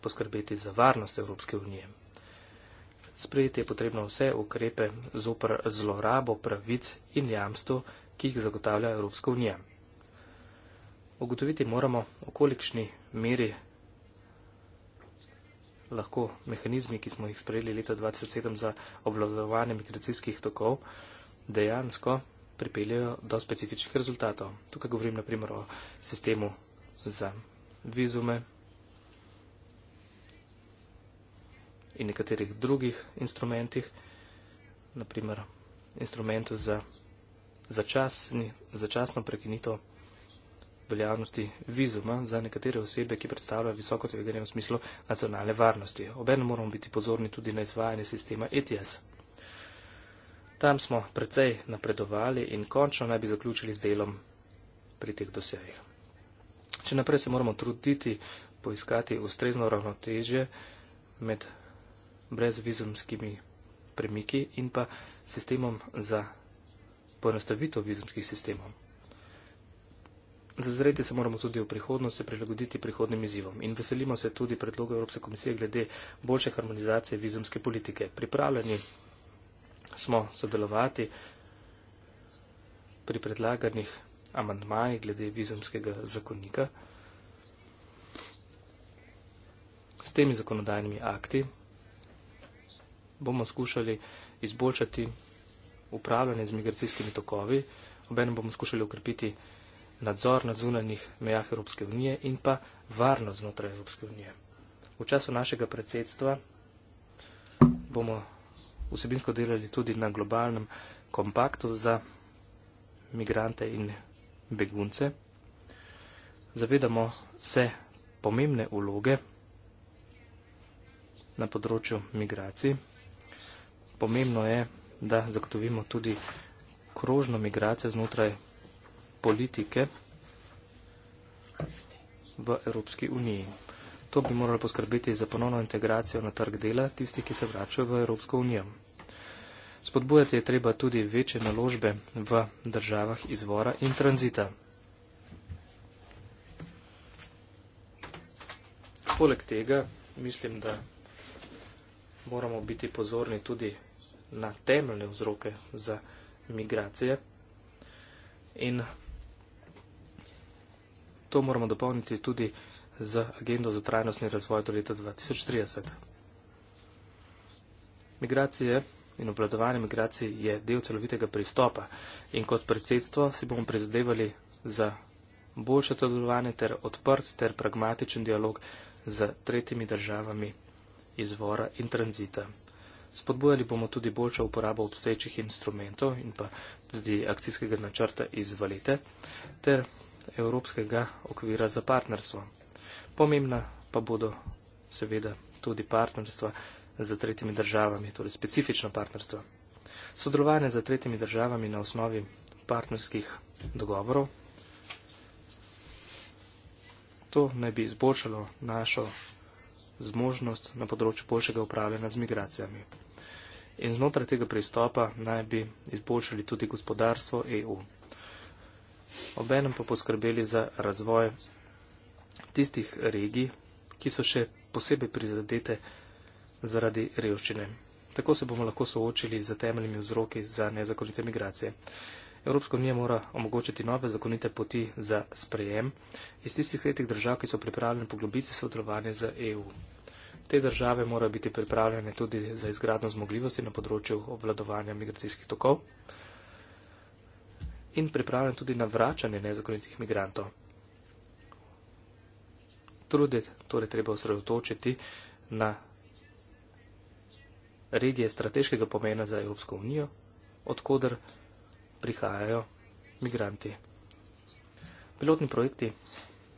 poskrbeti za varnost Evropske unije. Sprejeti je potrebno vse ukrepe zopr zlorabo pravic in jamstv, ki jih zagotavlja Evropska unija. Ogotoviti moramo, v kolikšni meri lahko mehanizmi, ki smo jih sprejeli leta 2007 za obvladovanje migracijskih tokov, dejansko pripeljajo do specifičnih rezultatov. Tukaj govorim naprimer o sistemu za vizume in nekaterih drugih instrumentih, naprimer instrumentu za začasni, začasno prekinito veljavnosti vizuma za nekatere osebe, ki predstavljajo visoko tveganje v smislu nacionalne varnosti. Obenem moramo biti pozorni tudi na izvajanje sistema ETS. Tam smo precej napredovali in končno naj bi zaključili z delom pri teh dosejih. Če naprej se moramo truditi poiskati ustrezno ravnotežje med brezvizumskimi premiki in pa sistemom za poenostavitev vizumskih sistemov. Zazreti se moramo tudi v prihodnost, se prilagoditi prihodnim izzivom in veselimo se tudi predlogov Evropske komisije glede boljše harmonizacije vizumske politike. Pripravljeni smo sodelovati pri predlaganih amandmajih glede vizumskega zakonika s temi zakonodajnimi akti bomo skušali izboljšati upravljanje z migracijskimi tokovi, obenem bomo skušali ukrepiti nadzor na zunanjih mejah Evropske unije in pa varnost znotraj Evropske unije. V času našega predsedstva bomo vsebinsko delali tudi na globalnem kompaktu za migrante in begunce. Zavedamo se pomembne uloge na področju migracij. Pomembno je, da zagotovimo tudi krožno migracijo znotraj politike v Evropski uniji. To bi moralo poskrbeti za ponovno integracijo na trg dela tistih, ki se vračajo v Evropsko unijo. Spodbujati je treba tudi večje naložbe v državah izvora in tranzita. Poleg tega mislim, da moramo biti pozorni tudi na temeljne vzroke za migracije in To moramo dopolniti tudi z agendo za trajnostni razvoj do leta 2030. Migracije in obladovanje migracij je del celovitega pristopa in kot predsedstvo si bomo prizadevali za boljše sodelovanje ter odprt ter pragmatičen dialog z tretjimi državami izvora in tranzita. Spodbojali bomo tudi boljšo uporabo obstečih instrumentov in pa tudi akcijskega načrta iz valete ter evropskega okvira za partnerstvo. Pomembna pa bodo seveda tudi partnerstva za tretjimi državami, torej specifično partnerstvo. Sodelovanje za tretjimi državami na osnovi partnerskih dogovorov. To naj bi izboljšalo našo zmožnost na področju boljšega upravljanja z migracijami. In znotraj tega pristopa naj bi izboljšali tudi gospodarstvo EU obenem pa poskrbeli za razvoj tistih regij, ki so še posebej prizadete zaradi revščine. Tako se bomo lahko soočili z temeljnimi vzroki za nezakonite migracije. Evropska unija mora omogočiti nove zakonite poti za sprejem iz tistih tretjih držav, ki so pripravljene poglobiti sodelovanje z EU. Te države morajo biti pripravljene tudi za izgradno zmogljivosti na področju obvladovanja migracijskih tokov in pripravljen tudi na vračanje nezakonitih migrantov. Trude torej treba osredotočiti na regije strateškega pomena za Evropsko unijo, odkudar prihajajo migranti. Pilotni projekti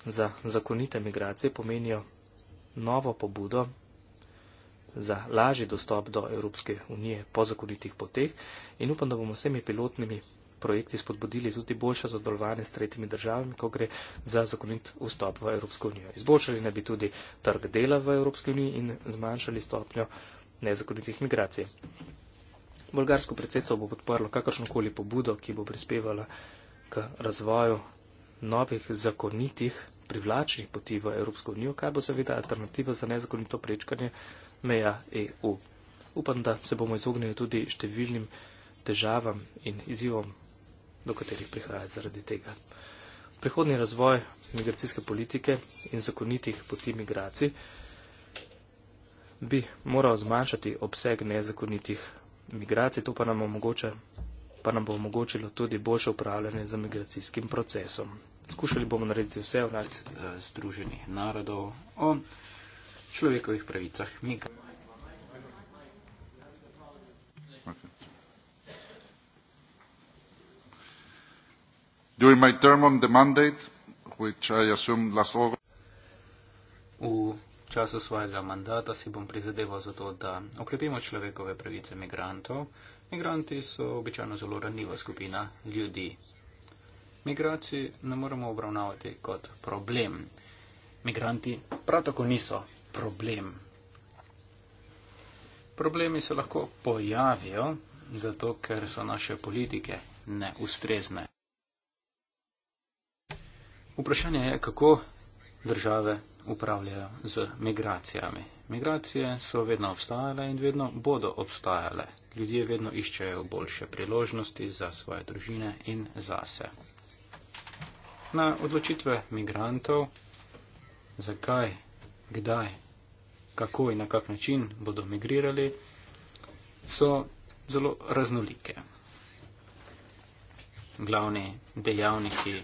za zakonite migracije pomenijo novo pobudo za lažji dostop do Evropske unije po zakonitih poteh in upam, da bomo s temi pilotnimi projekti spodbudili tudi boljše zadolovanje s tretjimi državami, ko gre za zakonit vstop v Evropsko unijo. Izboljšali naj bi tudi trg dela v Evropski uniji in zmanjšali stopnjo nezakonitih migracij. Bolgarsko predsedstvo bo podprlo kakršnokoli pobudo, ki bo prispevala k razvoju novih zakonitih privlačnih poti v Evropsko unijo, kaj bo seveda alternativa za nezakonito prečkanje meja EU. Upam, da se bomo izognili tudi številnim težavam in izzivom do katerih prihaja zaradi tega. Prihodni razvoj migracijske politike in zakonitih poti migracij bi moral zmanjšati obseg nezakonitih migracij, to pa nam, omogoča, pa nam bo omogočilo tudi boljše upravljanje z migracijskim procesom. Skušali bomo narediti vse v nad združenih narodov o človekovih pravicah migracij. During my term on the mandate, which I assume last August. V času svojega mandata si bom prizadeval za to, da okrepimo človekove pravice migrantov. Migranti so običajno zelo ranljiva skupina ljudi. Migraciji ne moremo obravnavati kot problem. Migranti prav tako niso problem. Problemi se lahko pojavijo, zato ker so naše politike neustrezne. Vprašanje je, kako države upravljajo z migracijami. Migracije so vedno obstajale in vedno bodo obstajale. Ljudje vedno iščejo boljše priložnosti za svoje družine in zase. Na odločitve migrantov, zakaj, kdaj, kako in na kak način bodo migrirali, so zelo raznolike. Glavni dejavniki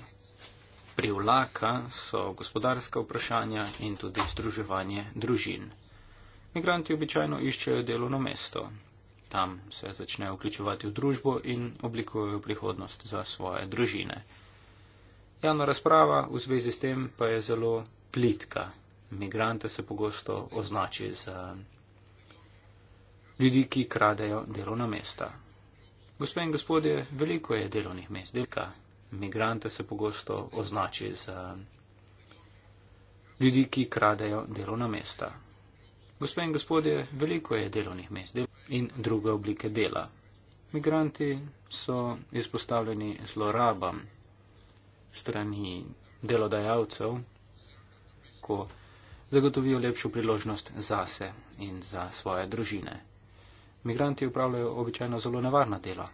privlaka, so gospodarska vprašanja in tudi združevanje družin. Migranti običajno iščejo delovno mesto. Tam se začnejo vključevati v družbo in oblikujejo prihodnost za svoje družine. Javna razprava v zvezi s tem pa je zelo plitka. Migrante se pogosto označi za ljudi, ki kradejo delovna mesta. Gospe in gospodje, veliko je delovnih mest, delka, Migrante se pogosto označi z ljudi, ki kradejo delovna mesta. Gospe in gospodje, veliko je delovnih mest in druge oblike dela. Migranti so izpostavljeni zlorabam strani delodajalcev, ko zagotovijo lepšo priložnost zase in za svoje družine. Migranti upravljajo običajno zelo nevarna dela,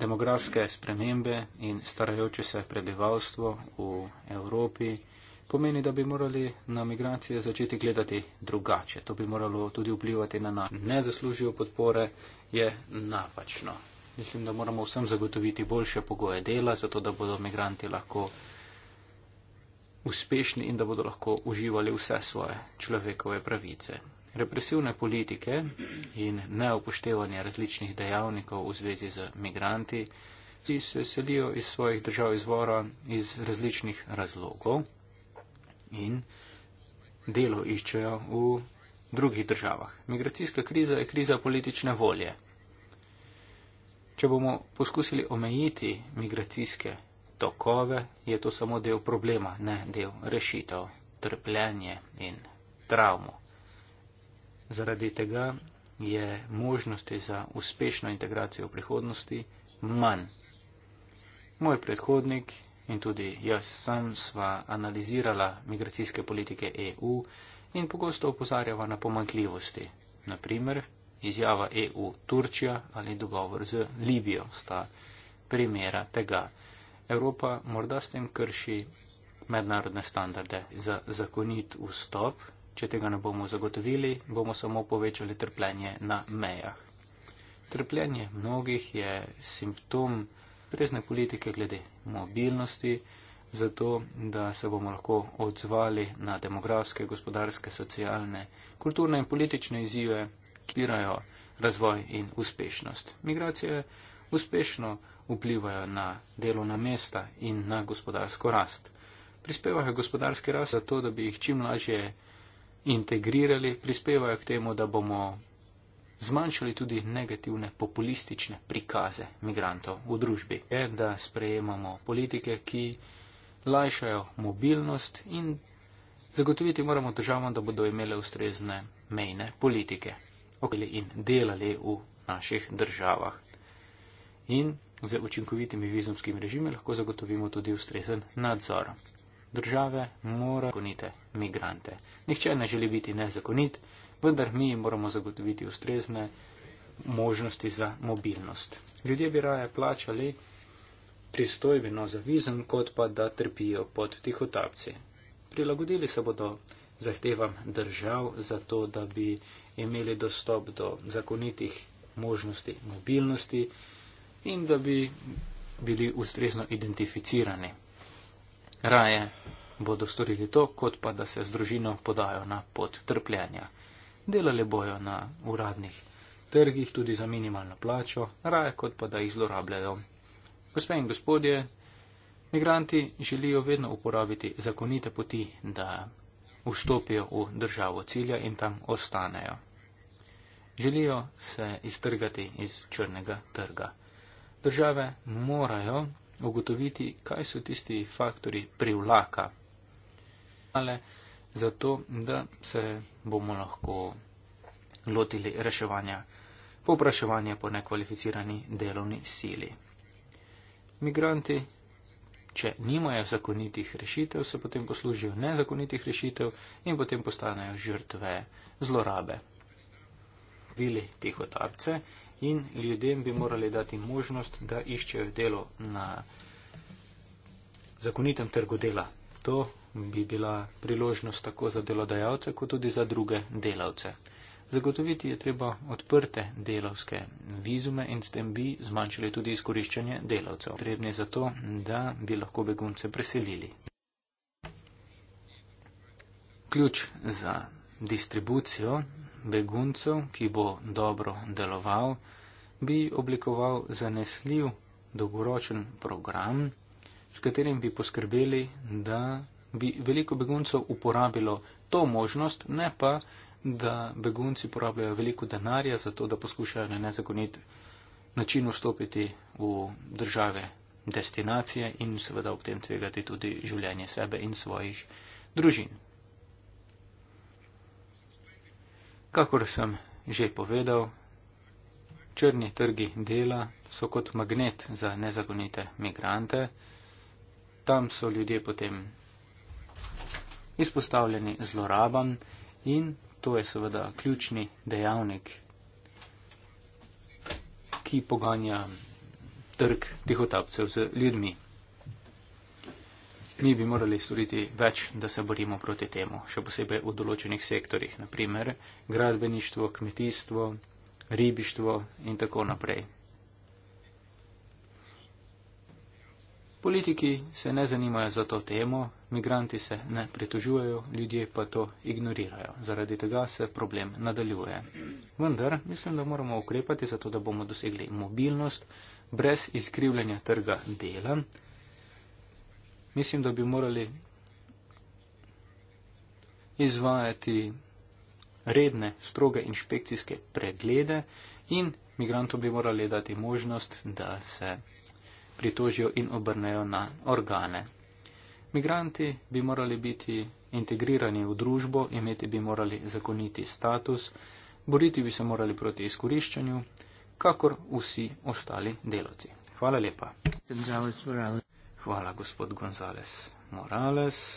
Demografske spremembe in starajoče se prebivalstvo v Evropi pomeni, da bi morali na migracije začeti gledati drugače. To bi moralo tudi vplivati na naš nezaslužijo podpore, je napačno. Mislim, da moramo vsem zagotoviti boljše pogoje dela, zato da bodo migranti lahko uspešni in da bodo lahko uživali vse svoje človekove pravice represivne politike in neupoštevanje različnih dejavnikov v zvezi z migranti, ki se selijo iz svojih držav izvora iz različnih razlogov in delo iščejo v drugih državah. Migracijska kriza je kriza politične volje. Če bomo poskusili omejiti migracijske tokove, je to samo del problema, ne del rešitev, trpljenje in travmo. Zaradi tega je možnosti za uspešno integracijo v prihodnosti manj. Moj predhodnik in tudi jaz sam sva analizirala migracijske politike EU in pogosto opozarjava na pomankljivosti. Naprimer, izjava EU Turčija ali dogovor z Libijo sta primera tega. Evropa morda s tem krši mednarodne standarde za zakonit vstop če tega ne bomo zagotovili, bomo samo povečali trpljenje na mejah. Trpljenje mnogih je simptom prezne politike glede mobilnosti, zato da se bomo lahko odzvali na demografske, gospodarske, socialne, kulturne in politične izzive, ki pirajo razvoj in uspešnost. Migracije uspešno vplivajo na delovna mesta in na gospodarsko rast. Prispevajo gospodarski rast zato, da bi jih čim lažje integrirali, prispevajo k temu, da bomo zmanjšali tudi negativne populistične prikaze migrantov v družbi. Je, da sprejemamo politike, ki lajšajo mobilnost in zagotoviti moramo državam, da bodo imele ustrezne mejne politike in delali v naših državah. In z učinkovitimi vizumskimi režimi lahko zagotovimo tudi ustrezen nadzor. Države morajo gonite migrante. Nihče ne želi biti nezakonit, vendar mi moramo zagotoviti ustrezne možnosti za mobilnost. Ljudje bi raje plačali pristojbino za vizum, kot pa da trpijo pod tihotapci. Prilagodili se bodo zahtevam držav za to, da bi imeli dostop do zakonitih možnosti mobilnosti in da bi bili ustrezno identificirani. Raje bodo storili to, kot pa da se z družino podajo na pot trpljenja. Delali bojo na uradnih trgih tudi za minimalno plačo, raje kot pa da jih zlorabljajo. Gospe in gospodje, migranti želijo vedno uporabiti zakonite poti, da vstopijo v državo cilja in tam ostanejo. Želijo se iztrgati iz črnega trga. Države morajo ugotoviti, kaj so tisti faktori privlaka. Ale zato, da se bomo lahko lotili reševanja popraševanja po nekvalificirani delovni sili. Migranti, če nimajo zakonitih rešitev, se potem poslužijo nezakonitih rešitev in potem postanejo žrtve zlorabe ubili tihotapce in ljudem bi morali dati možnost, da iščejo delo na zakonitem trgu dela. To bi bila priložnost tako za delodajalce, kot tudi za druge delavce. Zagotoviti je treba odprte delovske vizume in s tem bi zmanjšali tudi izkoriščanje delavcev, potrebne za to, da bi lahko begunce preselili. Ključ za distribucijo beguncev, ki bo dobro deloval, bi oblikoval zanesljiv dolgoročen program, s katerim bi poskrbeli, da bi veliko beguncev uporabilo to možnost, ne pa, da begunci porabljajo veliko denarja za to, da poskušajo na nezakonit način vstopiti v države destinacije in seveda ob tem tvegati tudi življenje sebe in svojih družin. Kakor sem že povedal, črni trgi dela so kot magnet za nezakonite migrante. Tam so ljudje potem izpostavljeni zlorabam in to je seveda ključni dejavnik, ki poganja trg tihotapcev z ljudmi mi bi morali storiti več, da se borimo proti temu, še posebej v določenih sektorjih, naprimer gradbeništvo, kmetijstvo, ribištvo in tako naprej. Politiki se ne zanimajo za to temo, migranti se ne pritožujejo, ljudje pa to ignorirajo. Zaradi tega se problem nadaljuje. Vendar mislim, da moramo ukrepati za to, da bomo dosegli mobilnost brez izkrivljanja trga dela mislim, da bi morali izvajati redne, stroge inšpekcijske preglede in migrantom bi morali dati možnost, da se pritožijo in obrnejo na organe. Migranti bi morali biti integrirani v družbo, imeti bi morali zakoniti status, boriti bi se morali proti izkoriščanju, kakor vsi ostali deloci. Hvala lepa. Hvala, gospod Gonzales Morales.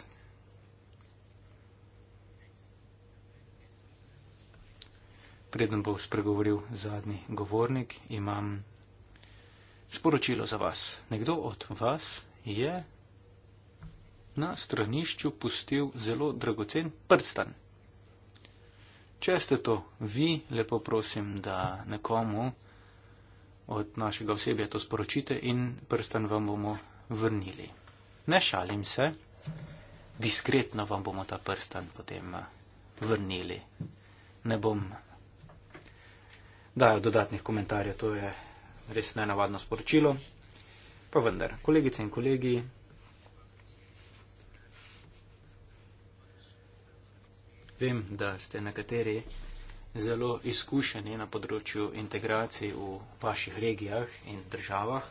Preden bo spregovoril zadnji govornik, imam sporočilo za vas. Nekdo od vas je na stranišču pustil zelo dragocen prstan. Če ste to vi, lepo prosim, da nekomu od našega osebja to sporočite in prstan vam bomo vrnili. Ne šalim se, diskretno vam bomo ta prstan potem eh, vrnili. Ne bom dajal dodatnih komentarjev, to je res nenavadno sporočilo. Pa vendar, kolegice in kolegi, vem, da ste nekateri zelo izkušeni na področju integracij v vaših regijah in državah.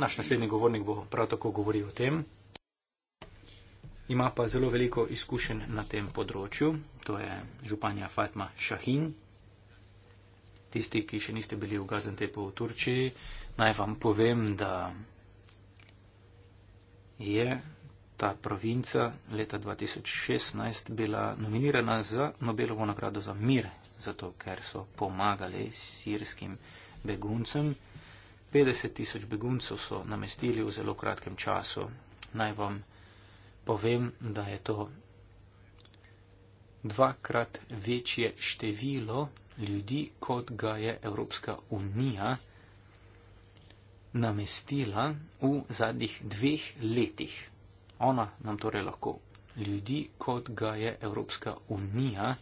Naš naslednji govornik bo prav tako govoril o tem. Ima pa zelo veliko izkušenj na tem področju. To je županja Fatma Šahin. Tisti, ki še niste bili v Gazantepu v Turčiji, naj vam povem, da je ta provinca leta 2016 bila nominirana za Nobelovo nagrado za mir, zato ker so pomagali sirskim beguncem. 50 tisoč beguncev so namestili v zelo kratkem času. Naj vam povem, da je to dvakrat večje število ljudi, kot ga je Evropska unija namestila v zadnjih dveh letih. Ona nam torej lahko ljudi, kot ga je Evropska unija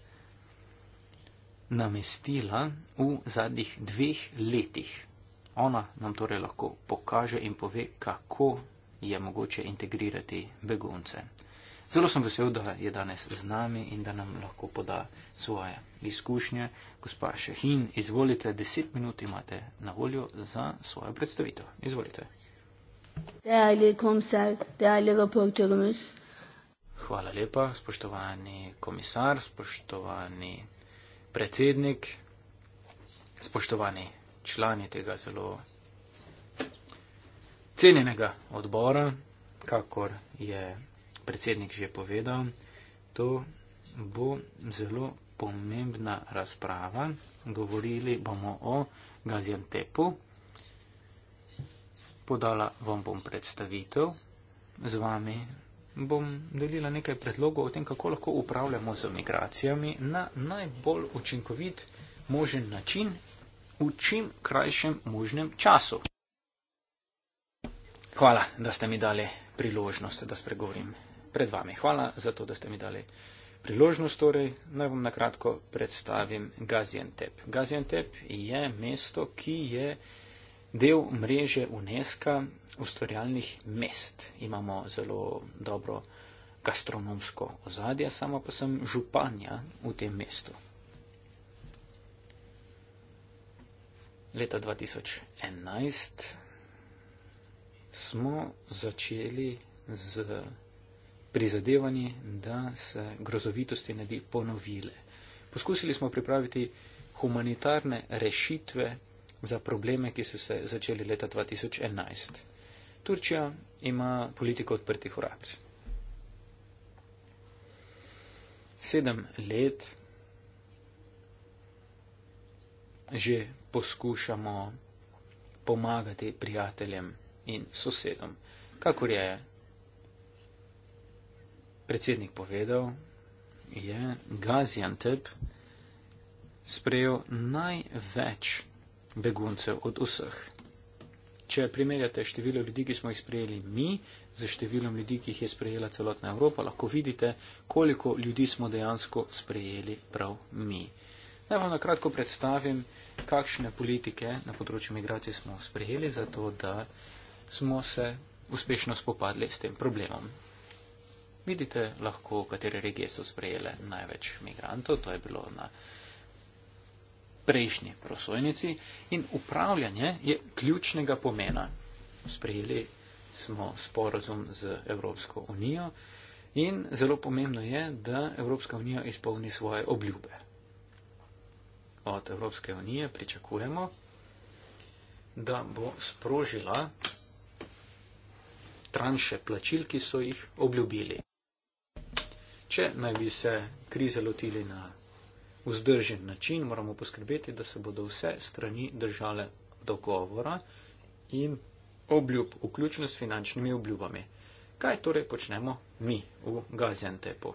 namestila v zadnjih dveh letih. Ona nam torej lahko pokaže in pove, kako je mogoče integrirati begunce. Zelo sem vesel, da je danes z nami in da nam lahko poda svoje izkušnje. Gospa Šehin, izvolite, deset minut imate na voljo za svojo predstavitev. Izvolite. Hvala lepa, spoštovani komisar, spoštovani predsednik, spoštovani člani tega zelo cenjenega odbora, kakor je predsednik že povedal, to bo zelo pomembna razprava. Govorili bomo o Gaziantepu. Podala vam bom predstavitev. Z vami bom delila nekaj predlogov o tem, kako lahko upravljamo z migracijami na najbolj učinkovit možen način v čim krajšem možnem času. Hvala, da ste mi dali priložnost, da spregovorim pred vami. Hvala za to, da ste mi dali priložnost, torej naj vam nakratko predstavim Gaziantep. Gaziantep je mesto, ki je del mreže UNESCO ustvarjalnih mest. Imamo zelo dobro gastronomsko ozadje, sama pa sem županja v tem mestu. leta 2011 smo začeli z prizadevanji, da se grozovitosti ne bi ponovile. Poskusili smo pripraviti humanitarne rešitve za probleme, ki so se začeli leta 2011. Turčija ima politiko odprtih vrat. Sedem let že poskušamo pomagati prijateljem in sosedom. Kakor je predsednik povedal, je Gaziantep sprejel največ beguncev od vseh. Če primerjate število ljudi, ki smo jih sprejeli mi, z številom ljudi, ki jih je sprejela celotna Evropa, lahko vidite, koliko ljudi smo dejansko sprejeli prav mi. Naj vam na kratko predstavim, kakšne politike na področju migracije smo sprejeli, zato da smo se uspešno spopadli s tem problemom. Vidite lahko, katere regije so sprejele največ migrantov, to je bilo na prejšnji prosojnici in upravljanje je ključnega pomena. Sprejeli smo sporozum z Evropsko unijo in zelo pomembno je, da Evropska unija izpolni svoje obljube od Evropske unije pričakujemo, da bo sprožila tranše plačil, ki so jih obljubili. Če naj bi se krize lotili na vzdržen način, moramo poskrbeti, da se bodo vse strani držale dogovora in obljub, vključno s finančnimi obljubami. Kaj torej počnemo mi v Gazentepu?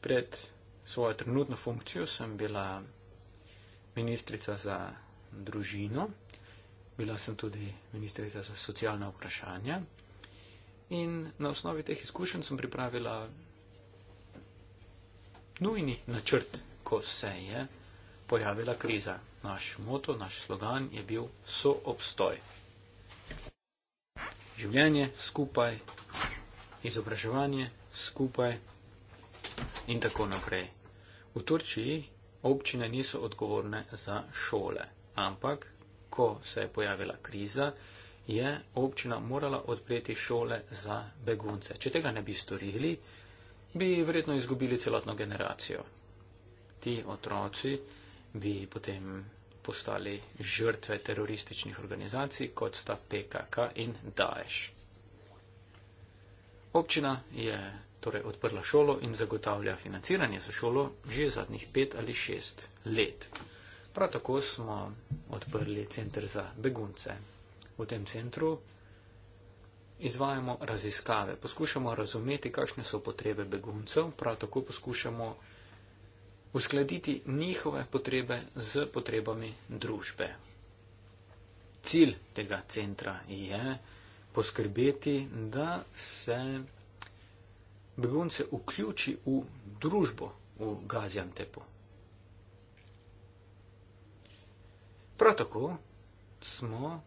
Pred svojo trenutno funkcijo sem bila ministrica za družino, bila sem tudi ministrica za socialna vprašanja in na osnovi teh izkušenj sem pripravila nujni načrt, ko se je pojavila kriza. Naš moto, naš slogan je bil soobstoj. Življenje skupaj, izobraževanje skupaj in tako naprej. V Turčiji občine niso odgovorne za šole. Ampak, ko se je pojavila kriza, je občina morala odpreti šole za begunce. Če tega ne bi storili, bi verjetno izgubili celotno generacijo. Ti otroci bi potem postali žrtve terorističnih organizacij, kot sta PKK in Daesh. Občina je torej odprla šolo in zagotavlja financiranje za šolo že zadnjih pet ali šest let. Prav tako smo odprli centr za begunce. V tem centru izvajamo raziskave, poskušamo razumeti, kakšne so potrebe beguncev, prav tako poskušamo uskladiti njihove potrebe z potrebami družbe. Cilj tega centra je poskrbeti, da se begunce vključi v družbo v Gaziantepu. Prav tako smo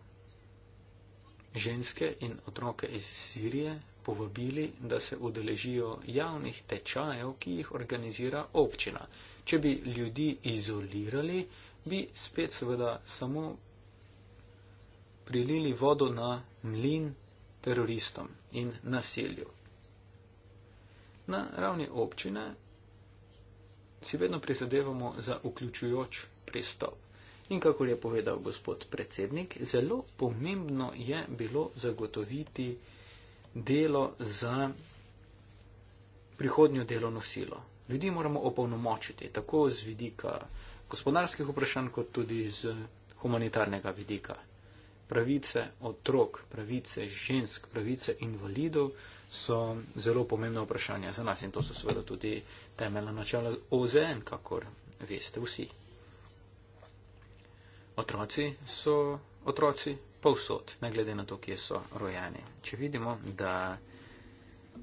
ženske in otroke iz Sirije povabili, da se udeležijo javnih tečajev, ki jih organizira občina. Če bi ljudi izolirali, bi spet seveda samo prilili vodo na mlin teroristom in nasilju. Na ravni občine si vedno prizadevamo za vključujoč pristop. In kako je povedal gospod predsednik, zelo pomembno je bilo zagotoviti delo za prihodnjo delovno silo. Ljudi moramo opolnomočiti tako z vidika gospodarskih vprašanj, kot tudi z humanitarnega vidika. Pravice otrok, pravice žensk, pravice invalidov so zelo pomembna vprašanja za nas in to so seveda tudi temeljna načela OZN, kakor veste vsi. Otroci so otroci povsod, ne glede na to, kje so rojeni. Če vidimo, da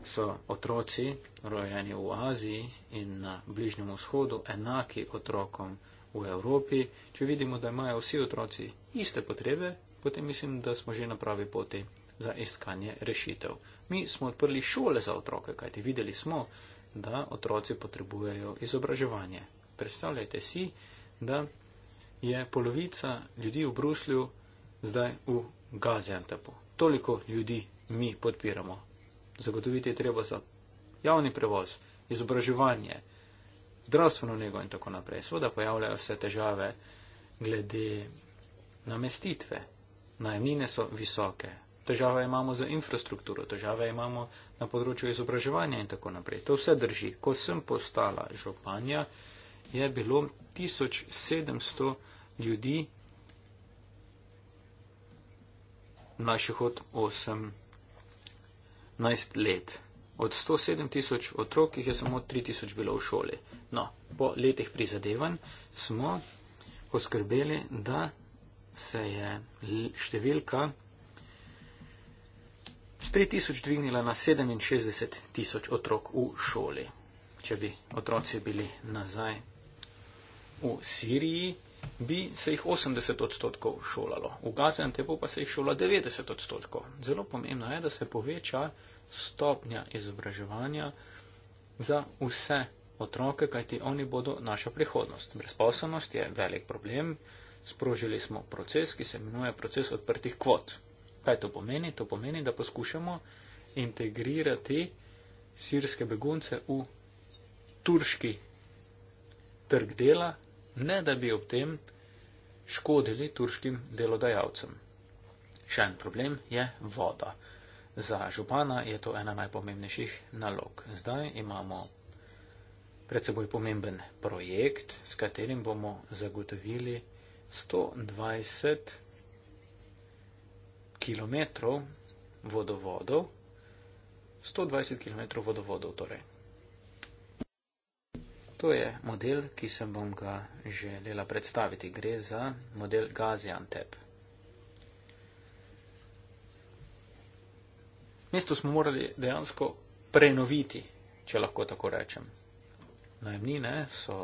so otroci rojeni v Aziji in na Bližnjem vzhodu enaki otrokom v Evropi, če vidimo, da imajo vsi otroci iste potrebe, potem mislim, da smo že na pravi poti za iskanje rešitev. Mi smo odprli šole za otroke, kajti videli smo, da otroci potrebujejo izobraževanje. Predstavljajte si, da je polovica ljudi v Bruslju zdaj v Gaziantepu. Toliko ljudi mi podpiramo. Zagotoviti je treba za javni prevoz, izobraževanje, zdravstveno nego in tako naprej. Sveda pojavljajo se težave glede namestitve. Najmine so visoke, težave imamo z infrastrukturo, težave imamo na področju izobraževanja in tako naprej. To vse drži. Ko sem postala županja, je bilo 1700 ljudi mlajših od 18 let. Od 107 tisoč otrok jih je samo 3 tisoč bilo v šoli. No, po letih prizadevanj smo poskrbeli, da se je številka s 3000 dvignila na 67 tisoč otrok v šoli. Če bi otroci bili nazaj v Siriji, bi se jih 80 odstotkov šolalo, v Gazantepu pa se jih šola 90 odstotkov. Zelo pomembno je, da se poveča stopnja izobraževanja za vse otroke, kajti oni bodo naša prihodnost. Brezposobnost je velik problem. Sprožili smo proces, ki se imenuje proces odprtih kvot. Kaj to pomeni? To pomeni, da poskušamo integrirati sirske begunce v turški trg dela, ne da bi ob tem škodili turškim delodajalcem. Še en problem je voda. Za župana je to ena najpomembnejših nalog. Zdaj imamo pred seboj pomemben projekt, s katerim bomo zagotovili 120 km vodovodov, 120 km vodovodov torej. To je model, ki sem vam ga želela predstaviti. Gre za model Gaziantep. Mesto smo morali dejansko prenoviti, če lahko tako rečem. Najemnine so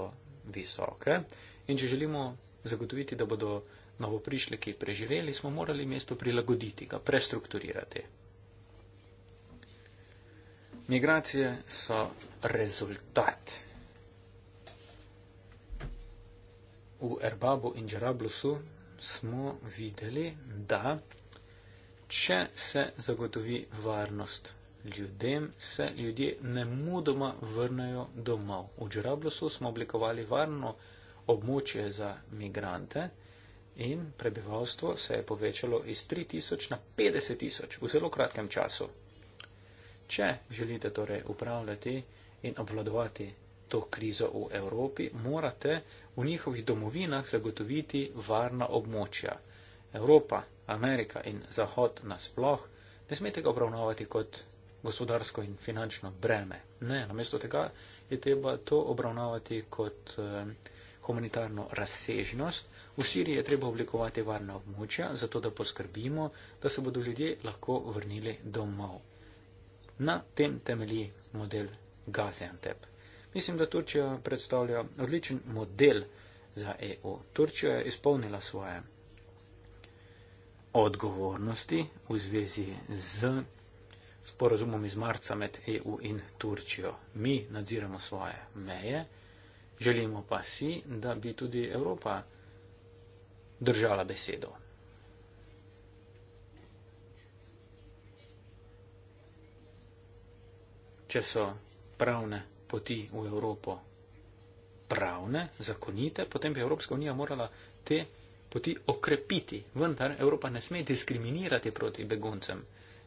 visoke in če želimo zagotoviti, da bodo novoprišljaki preživeli, smo morali mesto prilagoditi, ga prestrukturirati. Migracije so rezultat. V Erbabu in Džerablusu smo videli, da če se zagotovi varnost ljudem, se ljudje ne mudoma vrnejo domov. V Džerablusu smo oblikovali varno območje za migrante in prebivalstvo se je povečalo iz 3000 na 50000 v zelo kratkem času. Če želite torej upravljati in obvladovati to krizo v Evropi, morate v njihovih domovinah zagotoviti varna območja. Evropa, Amerika in Zahod nasploh ne smete ga obravnavati kot gospodarsko in finančno breme. Ne, namesto tega je treba to obravnavati kot eh, humanitarno razsežnost, V Siriji je treba oblikovati varna območja, zato da poskrbimo, da se bodo ljudje lahko vrnili domov. Na tem temelji model Gaziantep. Mislim, da Turčija predstavlja odličen model za EU. Turčija je izpolnila svoje odgovornosti v zvezi z sporozumom iz marca med EU in Turčijo. Mi nadziramo svoje meje, želimo pa si, da bi tudi Evropa držala besedo. Če so pravne poti v Evropo pravne, zakonite, potem bi Evropska unija morala te poti okrepiti. Vendar Evropa ne sme diskriminirati proti beguncem.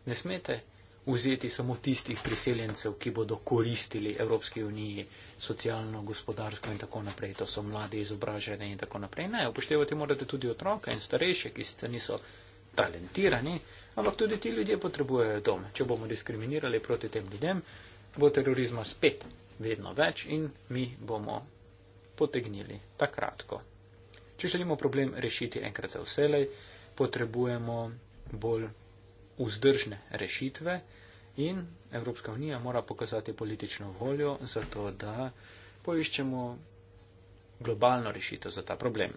Ne smete vzeti samo tistih priseljencev, ki bodo koristili Evropski uniji socialno, gospodarsko in tako naprej. To so mladi, izobraženi in tako naprej. Ne, upoštevati morate tudi otroke in starejše, ki sicer niso talentirani, ampak tudi ti ljudje potrebujejo dom. Če bomo diskriminirali proti tem ljudem, bo terorizma spet vedno več in mi bomo potegnili takratko. Če želimo problem rešiti enkrat za vselej, potrebujemo bolj vzdržne rešitve in Evropska unija mora pokazati politično voljo za to, da poiščemo globalno rešitev za ta problem.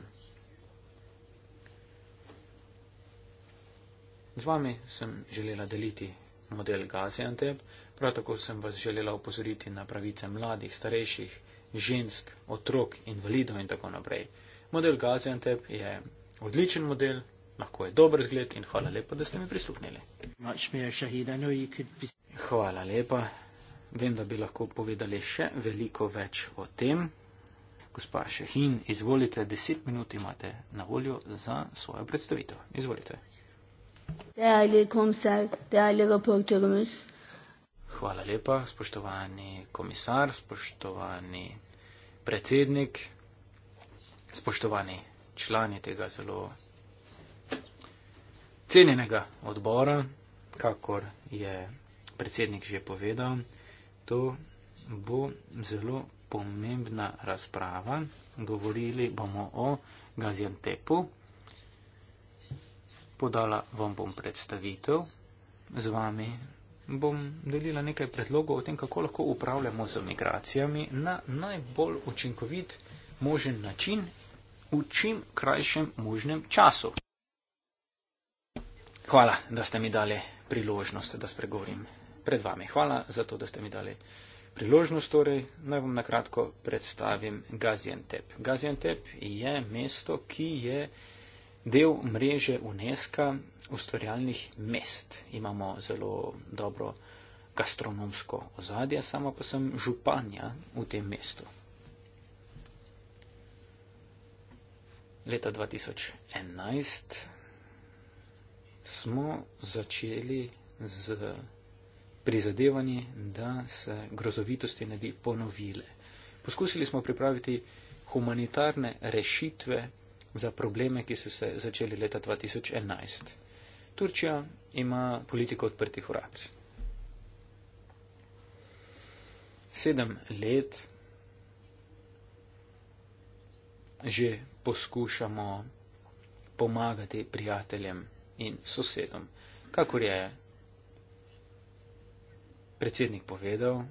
Z vami sem želela deliti model Gaziantep, prav tako sem vas želela opozoriti na pravice mladih, starejših, žensk, otrok, invalidov in tako naprej. Model Gaziantep je odličen model, lahko je dober zgled in hvala lepa, da ste mi prisluhnili. Hvala lepa. Vem, da bi lahko povedali še veliko več o tem. Gospa Šehin, izvolite, deset minut imate na voljo za svojo predstavitev. Izvolite. Hvala lepa, spoštovani komisar, spoštovani predsednik, spoštovani člani tega zelo cenjenega odbora, kakor je predsednik že povedal, to bo zelo pomembna razprava. Govorili bomo o Gaziantepu. Podala vam bom predstavitev. Z vami bom delila nekaj predlogov o tem, kako lahko upravljamo z migracijami na najbolj učinkovit možen način v čim krajšem možnem času. Hvala, da ste mi dali priložnost, da spregovorim pred vami. Hvala za to, da ste mi dali priložnost. Torej, naj vam nakratko predstavim Gaziantep. Gaziantep je mesto, ki je del mreže UNESCO ustvarjalnih mest. Imamo zelo dobro gastronomsko ozadje, sama pa sem županja v tem mestu. Leta 2011 smo začeli z prizadevanji, da se grozovitosti ne bi ponovile. Poskusili smo pripraviti humanitarne rešitve za probleme, ki so se začeli leta 2011. Turčija ima politiko odprtih vrat. Sedem let že poskušamo pomagati prijateljem in sosedom. Kakor je predsednik povedal,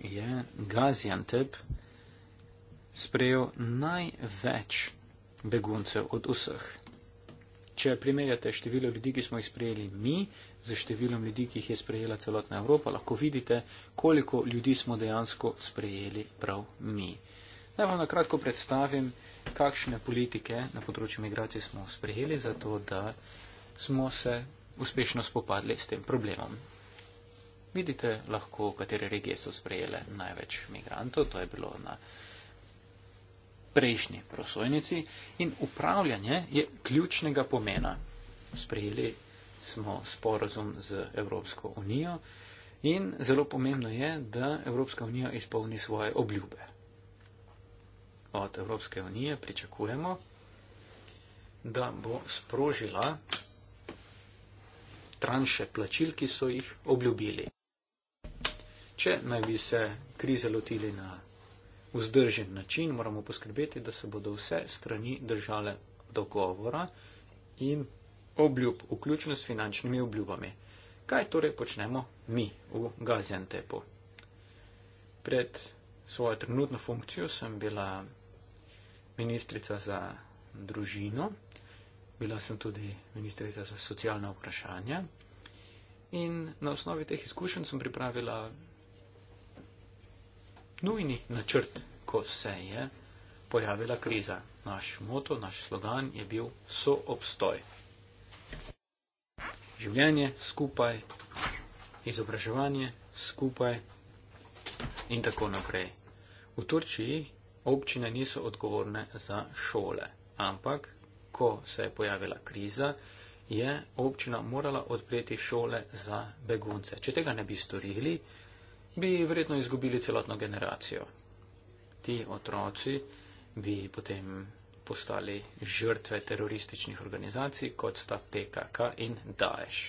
je Gaziantep sprejel največ beguncev od vseh. Če primerjate število ljudi, ki smo jih sprejeli mi, z številom ljudi, ki jih je sprejela celotna Evropa, lahko vidite, koliko ljudi smo dejansko sprejeli prav mi. Naj vam na kratko predstavim, kakšne politike na področju migracije smo sprejeli, zato da smo se uspešno spopadli s tem problemom. Vidite lahko, katere regije so sprejele največ migrantov, to je bilo na prejšnji prosojnici in upravljanje je ključnega pomena. Sprejeli smo sporozum z Evropsko unijo in zelo pomembno je, da Evropska unija izpolni svoje obljube. Od Evropske unije pričakujemo, da bo sprožila tranše plačil, ki so jih obljubili. Če naj bi se krize lotili na vzdržen način, moramo poskrbeti, da se bodo vse strani držale dogovora in obljub, vključno s finančnimi obljubami. Kaj torej počnemo mi v Gaziantepu? Pred svojo trenutno funkcijo sem bila ministrica za družino, bila sem tudi ministrica za socialne vprašanja in na osnovi teh izkušenj sem pripravila nujni načrt, ko se je pojavila kriza. Naš moto, naš slogan je bil soobstoj. Življenje skupaj, izobraževanje skupaj in tako naprej. V Turčiji občine niso odgovorne za šole, ampak ko se je pojavila kriza, je občina morala odpreti šole za begunce. Če tega ne bi storili, bi verjetno izgubili celotno generacijo. Ti otroci bi potem postali žrtve terorističnih organizacij, kot sta PKK in Daesh.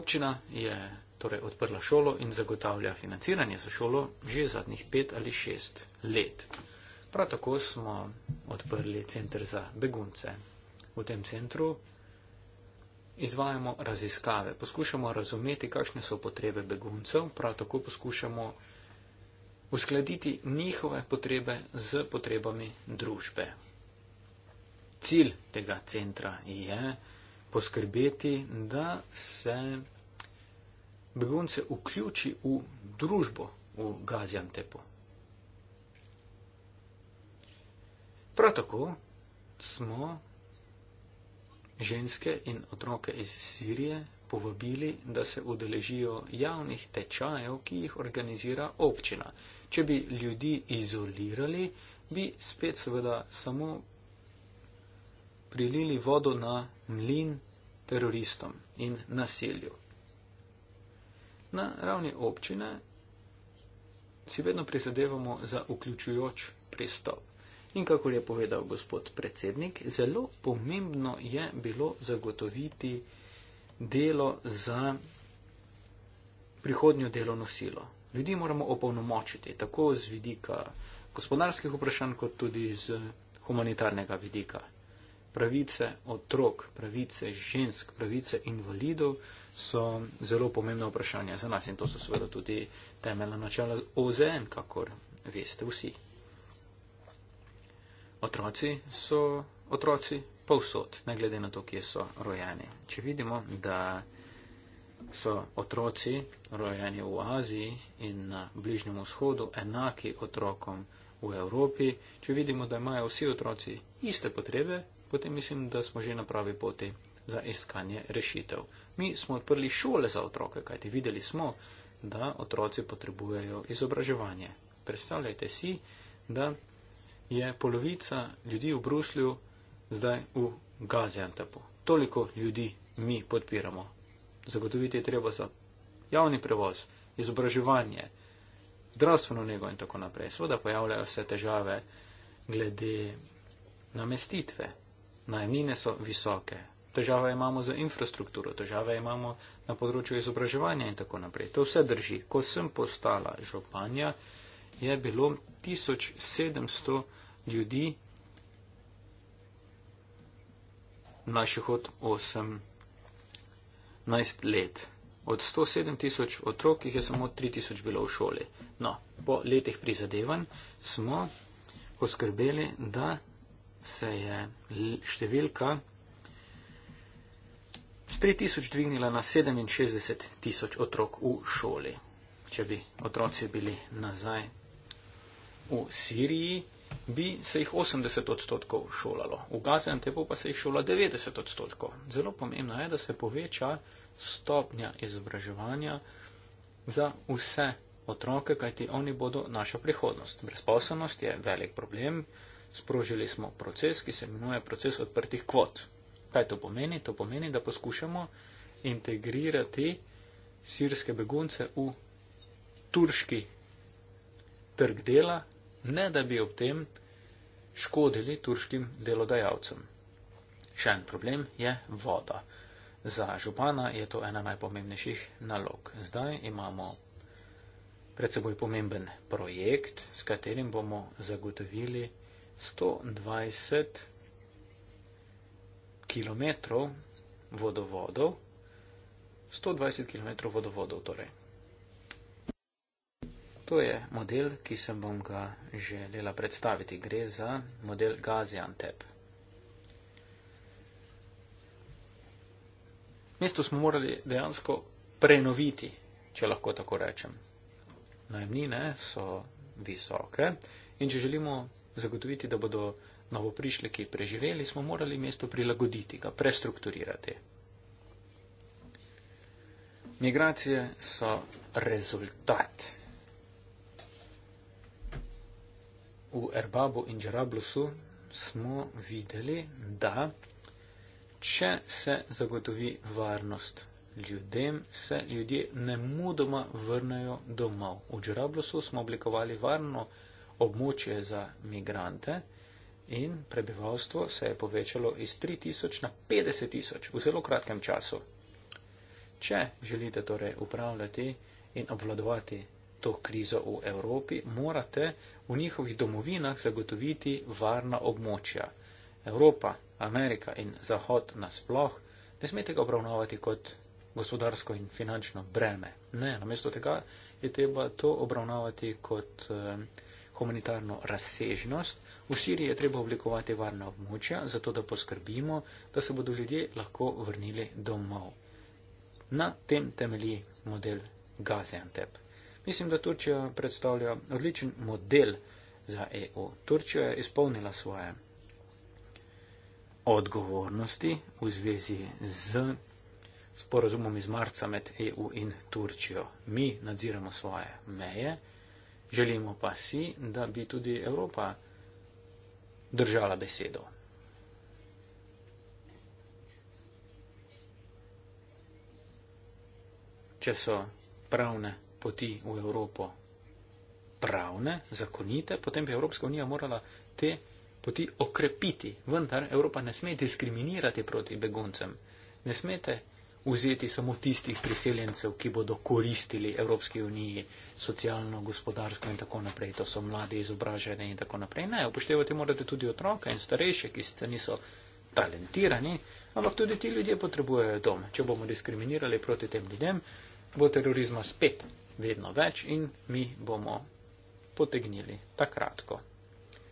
Občina je torej odprla šolo in zagotavlja financiranje za šolo že zadnjih pet ali šest let. Prav tako smo odprli centr za begunce. V tem centru izvajamo raziskave, poskušamo razumeti, kakšne so potrebe beguncev, prav tako poskušamo uskladiti njihove potrebe z potrebami družbe. Cilj tega centra je poskrbeti, da se begunce vključi v družbo v Gazjantepu. Prav tako smo ženske in otroke iz Sirije povabili, da se udeležijo javnih tečajev, ki jih organizira občina. Če bi ljudi izolirali, bi spet seveda samo prilili vodo na mlin teroristom in nasilju. Na ravni občine si vedno prizadevamo za vključujoč pristop. In kako je povedal gospod predsednik, zelo pomembno je bilo zagotoviti delo za prihodnjo delovno silo. Ljudi moramo opolnomočiti tako z vidika gospodarskih vprašanj, kot tudi z humanitarnega vidika. Pravice otrok, pravice žensk, pravice invalidov so zelo pomembna vprašanja za nas in to so seveda tudi temeljna načela OZN, kakor veste vsi. Otroci so otroci povsod, ne glede na to, kje so rojeni. Če vidimo, da so otroci rojeni v Aziji in na Bližnjem vzhodu enaki otrokom v Evropi, če vidimo, da imajo vsi otroci iste potrebe, potem mislim, da smo že na pravi poti za iskanje rešitev. Mi smo odprli šole za otroke, kajti videli smo, da otroci potrebujejo izobraževanje. Predstavljajte si, da je polovica ljudi v Bruslju zdaj v Gaziantepu. Toliko ljudi mi podpiramo. Zagotoviti je treba za javni prevoz, izobraževanje, zdravstveno nego in tako naprej. Seveda pojavljajo se težave glede namestitve. Najmine so visoke. Težave imamo za infrastrukturo, težave imamo na področju izobraževanja in tako naprej. To vse drži. Ko sem postala županja, je bilo 1700 ljudi. Mlajši od 18 let. Od 107 tisoč otrok jih je samo 3 tisoč bilo v šoli. No, po letih prizadevanj smo poskrbeli, da se je številka z 3 tisoč dvignila na 67 tisoč otrok v šoli. Če bi otroci bili nazaj v Siriji, bi se jih 80 odstotkov šolalo, v Gaziantepu pa se jih šola 90 odstotkov. Zelo pomembno je, da se poveča stopnja izobraževanja za vse otroke, kajti oni bodo naša prihodnost. Brezposobnost je velik problem, sprožili smo proces, ki se imenuje proces odprtih kvot. Kaj to pomeni? To pomeni, da poskušamo integrirati sirske begunce v turški trg dela, ne da bi ob tem škodili turškim delodajalcem. Še en problem je voda. Za župana je to ena najpomembnejših nalog. Zdaj imamo pred seboj pomemben projekt, s katerim bomo zagotovili 120 km vodovodov. 120 km vodovodov torej. To je model, ki sem vam ga želela predstaviti. Gre za model Gaziantep. Mesto smo morali dejansko prenoviti, če lahko tako rečem. Najemnine so visoke in če želimo zagotoviti, da bodo novoprišljiki preživeli, smo morali mesto prilagoditi, ga prestrukturirati. Migracije so rezultat v Erbabu in Džarablusu smo videli, da če se zagotovi varnost ljudem, se ljudje ne mudoma vrnejo domov. V Džarablusu smo oblikovali varno območje za migrante in prebivalstvo se je povečalo iz 3000 na 50000 v zelo kratkem času. Če želite torej upravljati in obvladovati to krizo v Evropi, morate v njihovih domovinah zagotoviti varna območja. Evropa, Amerika in Zahod nasploh ne smete ga obravnavati kot gospodarsko in finančno breme. Ne, namesto tega je treba to obravnavati kot eh, humanitarno razsežnost. V Siriji je treba oblikovati varna območja, zato da poskrbimo, da se bodo ljudje lahko vrnili domov. Na tem temelji model Gaziantep. Mislim, da Turčija predstavlja odličen model za EU. Turčija je izpolnila svoje odgovornosti v zvezi z sporozumom iz marca med EU in Turčijo. Mi nadziramo svoje meje, želimo pa si, da bi tudi Evropa držala besedo. Če so pravne poti v Evropo pravne, zakonite, potem bi Evropska unija morala te poti okrepiti. Vendar Evropa ne sme diskriminirati proti beguncem. Ne smete vzeti samo tistih priseljencev, ki bodo koristili Evropski uniji socialno, gospodarsko in tako naprej. To so mladi, izobraženi in tako naprej. Ne, upoštevati morate tudi otroke in starejše, ki sicer niso talentirani, ampak tudi ti ljudje potrebujejo dom. Če bomo diskriminirali proti tem ljudem, bo terorizma spet vedno več in mi bomo potegnili takratko.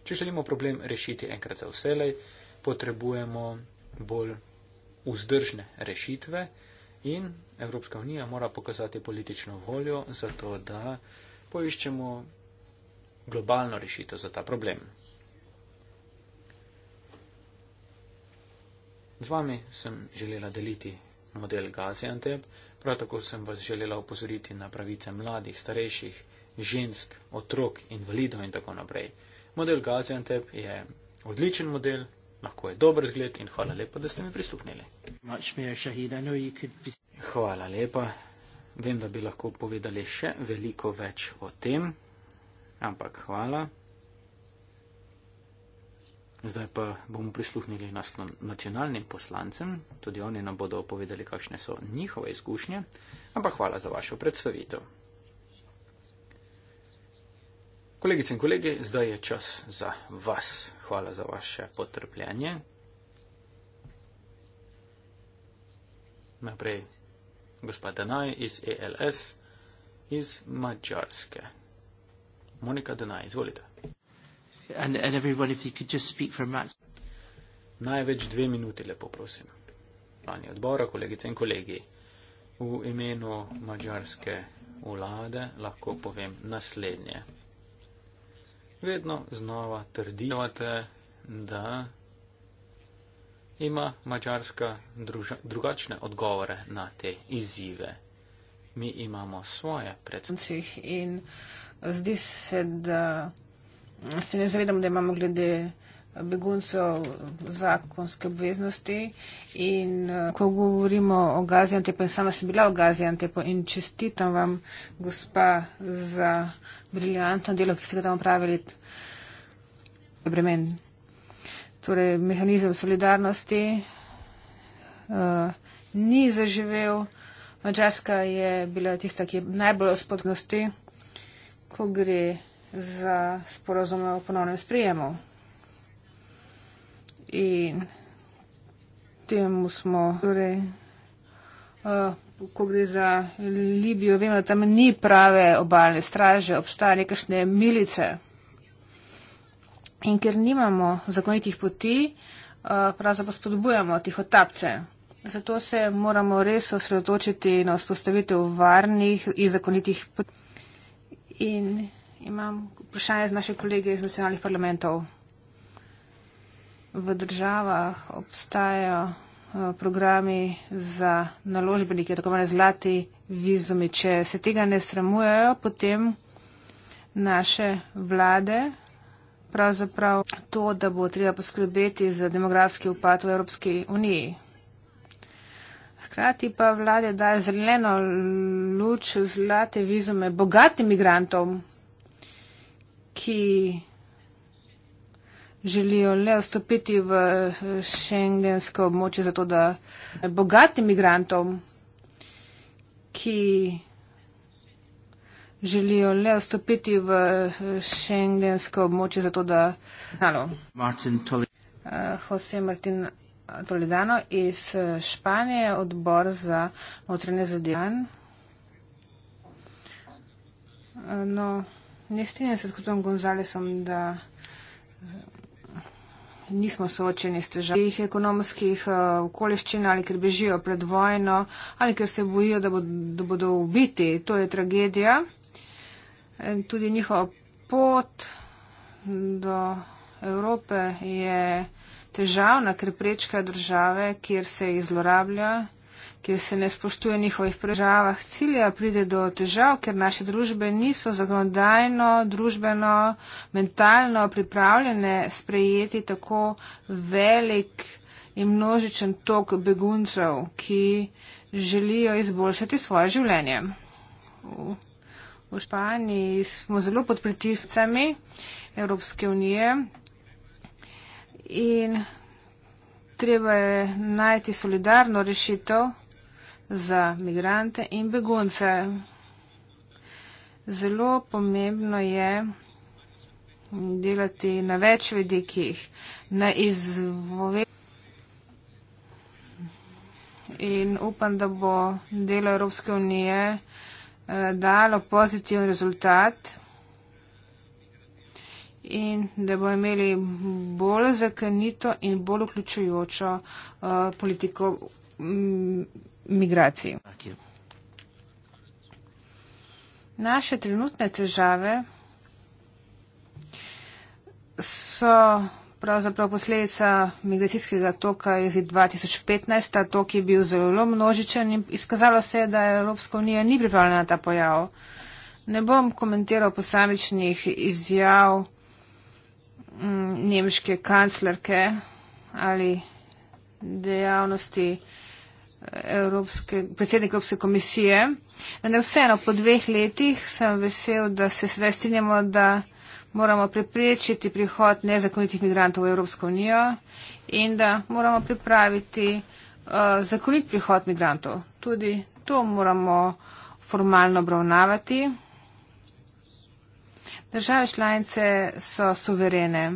Če želimo problem rešiti enkrat za vselej, potrebujemo bolj vzdržne rešitve in Evropska unija mora pokazati politično voljo za to, da poiščemo globalno rešitev za ta problem. Z vami sem želela deliti model Gaziantep. Prav tako sem vas želela upozoriti na pravice mladih, starejših, žensk, otrok, invalidov in tako naprej. Model Gaziantep je odličen model, lahko je dober zgled in hvala lepa, da ste mi pristopnili. Hvala lepa. Vem, da bi lahko povedali še veliko več o tem, ampak hvala. Zdaj pa bomo prisluhnili nacionalnim poslancem, tudi oni nam bodo opovedali, kakšne so njihove izkušnje, ampak hvala za vašo predstavitev. Kolegice in kolegi, zdaj je čas za vas. Hvala za vaše potrpljenje. Naprej gospod Danaj iz ELS iz Mačarske. Monika Danaj, izvolite. And, and everyone, if you could just speak for Max. Največ dve minuti, lepo prosim. Pani odbora, kolegice in kolegi. V imenu mađarske vlade lahko povem naslednje. Vedno znova trdite, da ima mađarska druža, drugačne odgovore na te izzive. Mi imamo svoje predstavnike in zdi se, da se ne zavedamo, da imamo glede beguncev zakonske obveznosti in eh, ko govorimo o Gaziantepu in sama sem bila v Gaziantepu in čestitam vam, gospa, za briljantno delo, ki ste ga tam opravili, je bremen. Torej, mehanizem solidarnosti uh, ni zaživel. Mačarska je bila tista, ki je najbolj spodnosti, ko gre z sporozumem o ponovnem sprijemu. In temu smo, torej, uh, ko gre za Libijo, vemo, da tam ni prave obalne straže, obstaja nekašne milice. In ker nimamo zakonitih poti, uh, pravzaprav spodbujamo tih otapce. Zato se moramo res osredotočiti na vzpostavitev varnih in zakonitih poti. In imam vprašanje z naše kolege iz nacionalnih parlamentov. V državah obstajajo eh, programi za naložbenike, tako imenovani zlati vizumi. Če se tega ne sramujejo, potem naše vlade pravzaprav to, da bo treba poskrbeti za demografski upad v Evropski uniji. Hkrati pa vlade daje zeleno luč zlate vizume bogatim migrantom, ki želijo le vstopiti v eh, šengensko območje, zato da bogatim migrantom, ki želijo le vstopiti v eh, šengensko območje, zato da. Halo. Martin eh, Jose Martin Toledano iz Španije, odbor za notranje zadeve. No, Ne strinjam se s gospodom Gonzalesom, da eh, nismo soočeni s težavami ekonomskih eh, okoliščin ali ker bežijo pred vojno ali ker se bojijo, da bodo, da bodo ubiti. To je tragedija. Tudi njihova pot do Evrope je težavna, ker prečkajo države, kjer se jih zlorablja kjer se ne spoštuje njihovih prežavah cilja, pride do težav, ker naše družbe niso zagonodajno, družbeno, mentalno pripravljene sprejeti tako velik in množičen tok beguncev, ki želijo izboljšati svoje življenje. V Španiji smo zelo pod pritiskami Evropske unije in treba je najti solidarno rešitev za migrante in begunce. Zelo pomembno je delati na več vidikih, na izvove. In upam, da bo delo Evropske unije eh, dalo pozitiven rezultat in da bo imeli bolj zakonito in bolj vključujočo eh, politiko. Mm, migracij. Naše trenutne težave so pravzaprav posledica migracijskega toka iz 2015. Ta tok je bil zelo množičen in izkazalo se je, da Evropska unija ni pripravljena na ta pojav. Ne bom komentiral posamičnih izjav mm, nemške kanclerke ali dejavnosti Evropske, predsednik Evropske komisije. Vendar vseeno po dveh letih sem vesel, da se sedaj strinjamo, da moramo preprečiti prihod nezakonitih migrantov v Evropsko unijo in da moramo pripraviti uh, zakonit prihod migrantov. Tudi to moramo formalno obravnavati. Države članice so suverene.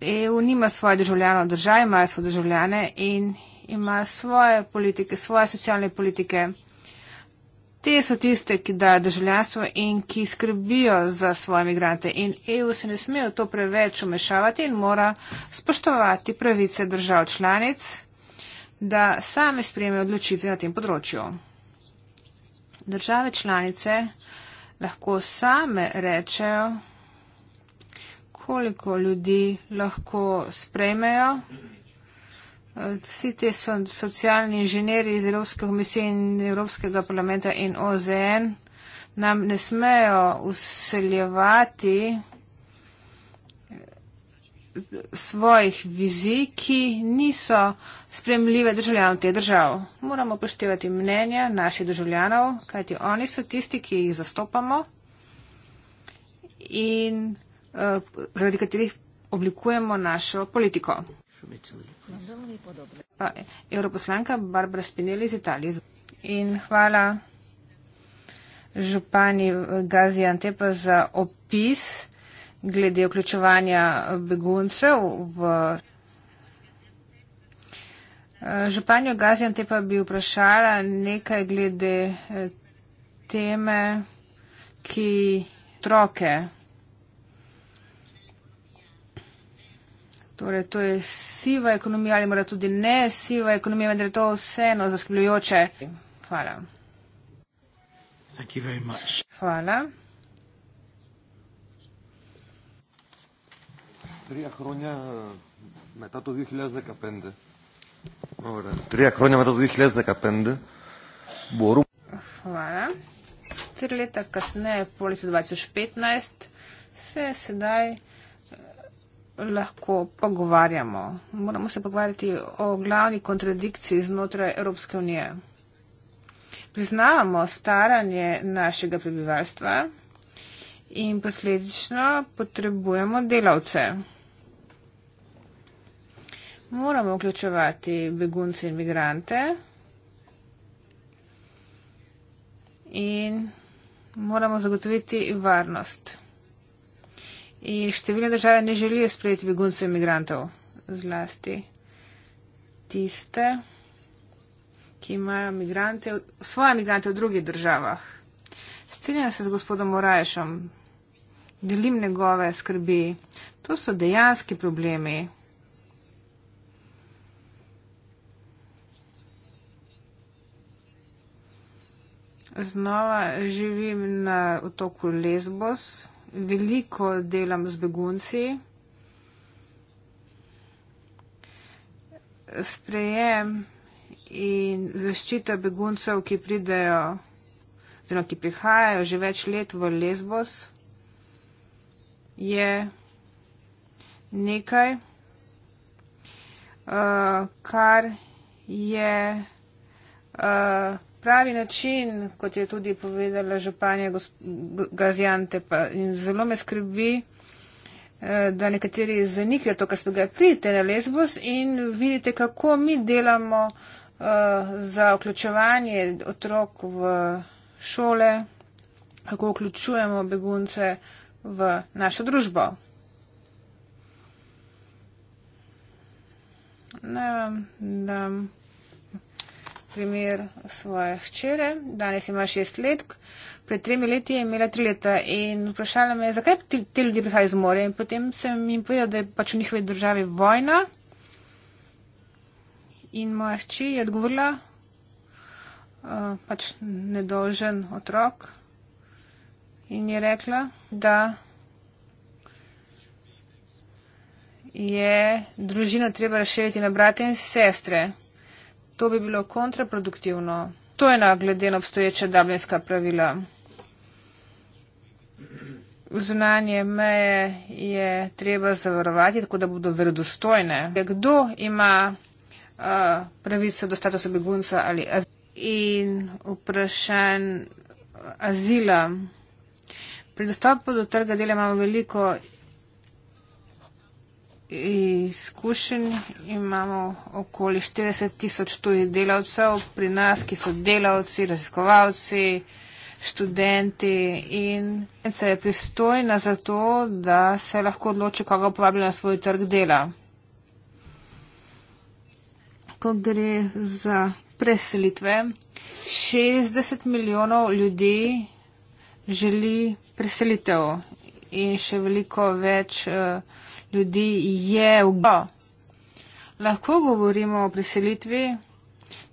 EU nima svoje državljane v državi, ima svoje državljane in ima svoje politike, svoje socialne politike. Te so tiste, ki dajo državljanstvo in ki skrbijo za svoje migrante. In EU se ne smejo to preveč umešavati in mora spoštovati pravice držav članic, da same sprejme odločitve na tem področju. Države članice lahko same rečejo, koliko ljudi lahko sprejmejo Vsi ti so socialni inženjeri iz Evropske komisije in Evropskega parlamenta in OZN nam ne smejo useljevati svojih vizij, ki niso spremljive državljanov te držav. Moramo poštevati mnenja naših državljanov, kajti oni so tisti, ki jih zastopamo in uh, zaradi katerih oblikujemo našo politiko. Hvala. Evroposlanka Barbara Spinelli iz Italije. In hvala župani Gaziantepa za opis glede vključevanja beguncev v. Županjo Gaziantepa bi vprašala nekaj glede teme, ki troke. Torej, to je siva ekonomija ali mora tudi ne siva ekonomija, vendar je to vseeno zaskrbljujoče. Hvala. Hvala. Tri akronja metato 2015. Hvala. Tri leta kasneje, polico 2015, se sedaj lahko pogovarjamo. Moramo se pogovarjati o glavni kontradikciji znotraj Evropske unije. Priznavamo staranje našega prebivalstva in posledično potrebujemo delavce. Moramo vključevati begunce in migrante in moramo zagotoviti varnost. In številne države ne želijo sprejeti beguncev in migrantov, zlasti tiste, ki imajo migrante, svoje migrante v drugih državah. Strinjam se z gospodom Morajšom, delim njegove skrbi. To so dejanski problemi. Znova živim na otoku Lesbos veliko delam z begunci. Sprejem in zaščita beguncev, ki pridejo, oziroma ki prihajajo že več let v Lesbos, je nekaj, eh, kar je. Eh, pravi način, kot je tudi povedala županja Gaziante, pa in zelo me skrbi, eh, da nekateri zanikajo to, kar se dogaja. Pridite na lesbos in vidite, kako mi delamo eh, za vključevanje otrok v šole, kako vključujemo begunce v našo družbo. Ne, ne primer svoje hčere, danes ima šest let, pred tremi leti je imela tri leta in vprašala me, zakaj ti ljudje prihajajo z morja. In potem sem jim povedala, da je pač v njihovi državi vojna. In moja hči je odgovorila, uh, pač nedolžen otrok, in je rekla, da je družino treba razširiti na brate in sestre. To bi bilo kontraproduktivno. To je na glede na obstoječe dublinska pravila. Zunanje meje je treba zavarovati, tako da bodo verodostojne. Kdo ima uh, pravico do statusa begunca ali in vprašanj azila. Pri dostopu do trga dela imamo veliko izkušenj, imamo okoli 40 tisoč tujih delavcev pri nas, ki so delavci, raziskovalci, študenti in se je pristojna za to, da se lahko odloči, koga povabi na svoj trg dela. Ko gre za preselitve, 60 milijonov ljudi želi preselitev in še veliko več. Uh, ljudi je ugo. Lahko govorimo o priselitvi,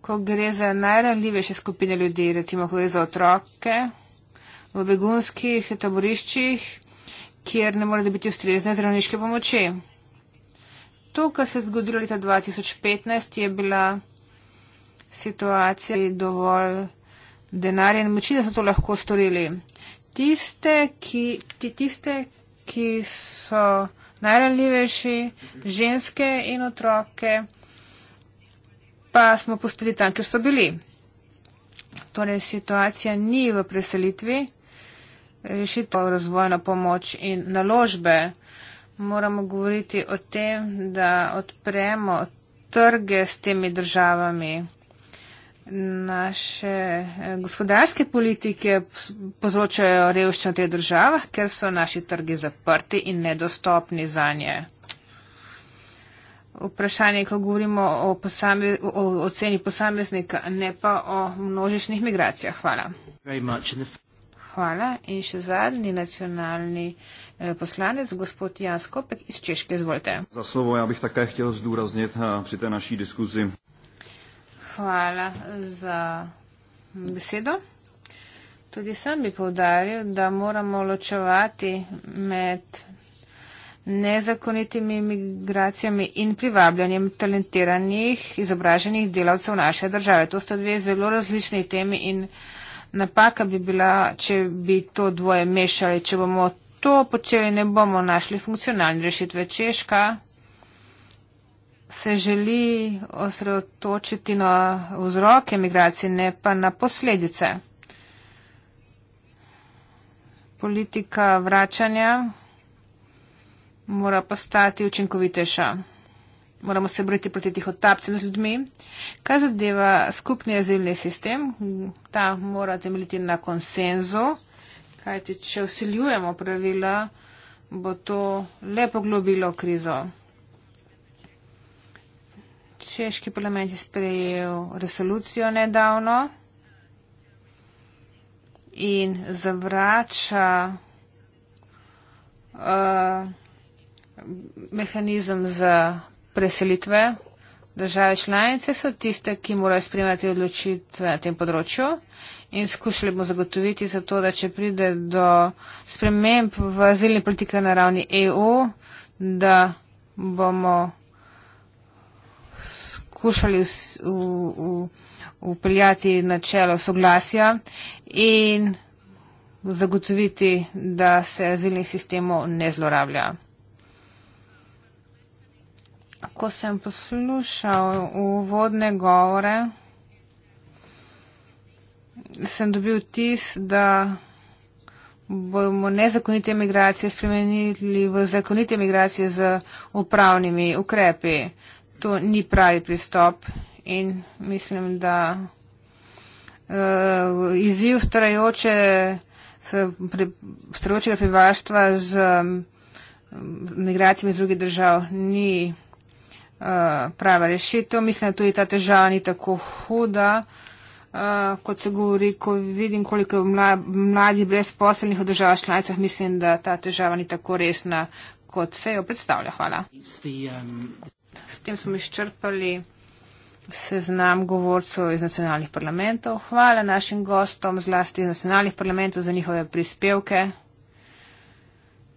ko gre za najranljivejše skupine ljudi, recimo, ko gre za otroke v begunskih taboriščih, kjer ne more biti ustrezne zdravniške pomoči. To, kar se je zgodilo leta 2015, je bila situacija dovolj denarja in moči, da so to lahko storili. Tiste, ki, ti, tiste, ki so najranljivejši, ženske in otroke, pa smo postali tam, kjer so bili. Torej, situacija ni v preselitvi, rešitev razvojna pomoč in naložbe. Moramo govoriti o tem, da odpremo trge s temi državami naše eh, gospodarske politike povzročajo revščino v teh državah, ker so naši trgi zaprti in nedostopni za nje. Vprašanje, ko govorimo o, posame, o, o ceni posameznika, ne pa o množičnih migracijah. Hvala. Hvala. In še zadnji nacionalni eh, poslanec, gospod Jan Skopek iz Češke. Izvolite. Za slovo, ja bih také chtěl zdůraznit eh, při té naší diskuzi hvala za besedo. Tudi sam bi povdaril, da moramo ločevati med nezakonitimi migracijami in privabljanjem talentiranih, izobraženih delavcev naše države. To sta dve zelo različni temi in napaka bi bila, če bi to dvoje mešali. Če bomo to počeli, ne bomo našli funkcionalne rešitve Češka se želi osredotočiti na vzroke migracije, ne pa na posledice. Politika vračanja mora postati učinkovitejša. Moramo se boriti proti tih otapcem z ljudmi. Kaj zadeva skupni azilni sistem? Ta mora temeljiti na konsenzu, kajti če usiljujemo pravila, bo to le poglobilo krizo češki parlament je sprejel resolucijo nedavno in zavrača uh, mehanizem za preselitve. Države članice so tiste, ki morajo sprejemati odločitve na tem področju in skušali bomo zagotoviti za to, da če pride do sprememb v zeljni politike na ravni EU, da bomo poskušali upeljati načelo soglasja in zagotoviti, da se azilnih sistemov ne zlorablja. Ko sem poslušal uvodne govore, sem dobil tis, da bomo nezakonite migracije spremenili v zakonite migracije z upravnimi ukrepi to ni pravi pristop in mislim, da uh, izziv starajoče, pre, starajočega prebivalstva z um, migracijami iz drugih držav ni uh, prava rešitev. Mislim, da tudi ta težava ni tako huda. Uh, kot se govori, ko vidim, koliko je mla, mladih brezposelnih v državah članicah, mislim, da ta težava ni tako resna, kot se jo predstavlja. Hvala. S tem smo izčrpali seznam govorcev iz nacionalnih parlamentov. Hvala našim gostom, zlasti iz nacionalnih parlamentov, za njihove prispevke.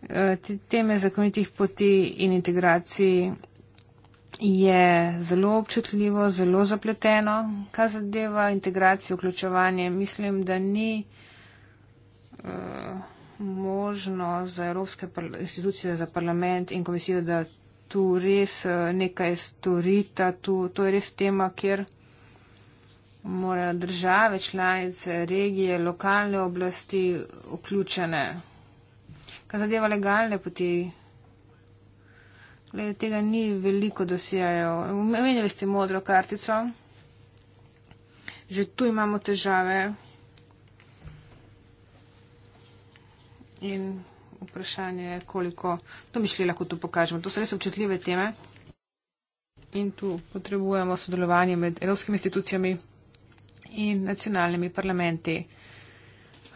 E, teme zakonitih poti in integraciji je zelo občutljivo, zelo zapleteno, kar zadeva integracijo, vključevanje. Mislim, da ni uh, možno za Evropske institucije, za parlament in komisijo, da tu res eh, nekaj storita, tu, to je res tema, kjer morajo države, članice, regije, lokalne oblasti vključene. Kar zadeva legalne poti, glede tega ni veliko dosijajo. Omenjali ste modro kartico, že tu imamo težave. In vprašanje, koliko domišljij lahko tu pokažemo. To so res občutljive teme in tu potrebujemo sodelovanje med evropskimi institucijami in nacionalnimi parlamenti.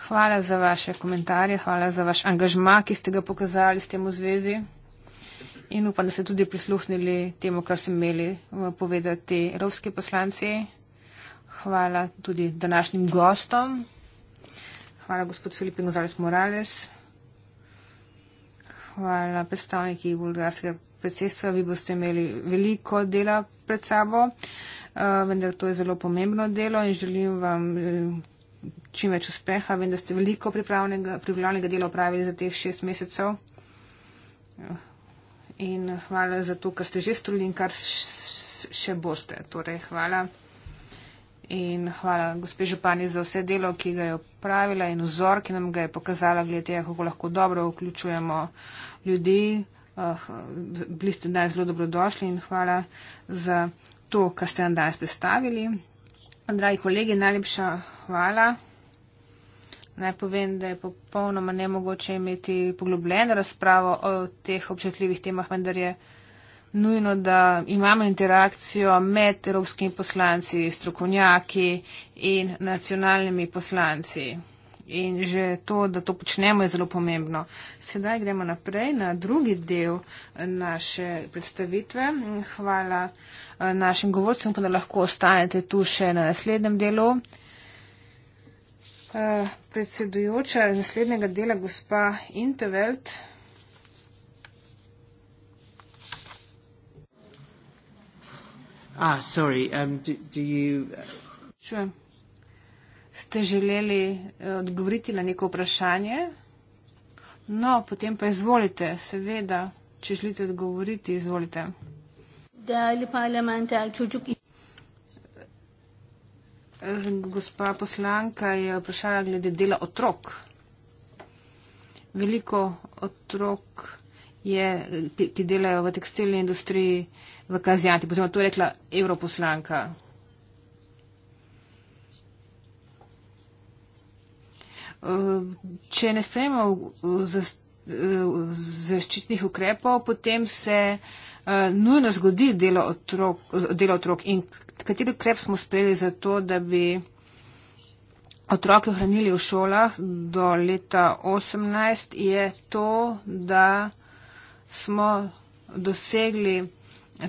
Hvala za vaše komentarje, hvala za vaš angažma, ki ste ga pokazali s tem v zvezi. In upam, da ste tudi prisluhnili temu, kar so imeli eh, povedati evropski poslanci. Hvala tudi današnjim gostom. Hvala gospod Filipin Gonzales Morales. Hvala predstavniki bulgarskega predsedstva. Vi boste imeli veliko dela pred sabo, eh, vendar to je zelo pomembno delo in želim vam eh, čim več uspeha. Vem, da ste veliko pripravljenega, pripravljenega dela opravili za teh šest mesecev. Eh, in hvala za to, kar ste že storili in kar še boste. Torej, hvala in hvala gospe Župani za vse delo, ki ga je opravila in vzor, ki nam ga je pokazala, glede tega, kako lahko dobro vključujemo ljudi. Uh, bili ste danes zelo dobrodošli in hvala za to, kar ste nam danes predstavili. Dragi kolegi, najlepša hvala. Naj povem, da je popolnoma nemogoče imeti poglobljeno razpravo o teh občutljivih temah, vendar je nujno, da imamo interakcijo med evropskimi poslanci, strokovnjaki in nacionalnimi poslanci. In že to, da to počnemo, je zelo pomembno. Sedaj gremo naprej na drugi del naše predstavitve. Hvala eh, našim govorcem, pa da lahko ostanete tu še na naslednjem delu. Eh, predsedujoča naslednjega dela, gospa Intervelt. Ah, sorry, um, do, do you... Čujem. Uh, Ste želeli eh, odgovoriti na neko vprašanje? No, potem pa izvolite, seveda, če želite odgovoriti, izvolite. Eh, gospa poslanka je vprašala glede dela otrok. Veliko otrok je, ki, ki delajo v tekstilni industriji v Kazijati. Pozimo, to je rekla europoslanka. Eh, če ne sprejemo zaščitnih ukrepov, potem se eh, nujno zgodi delo otrok, delo otrok. In kateri ukrep smo sprejeli za to, da bi otroke ohranili v šolah do leta 18, je to, da smo dosegli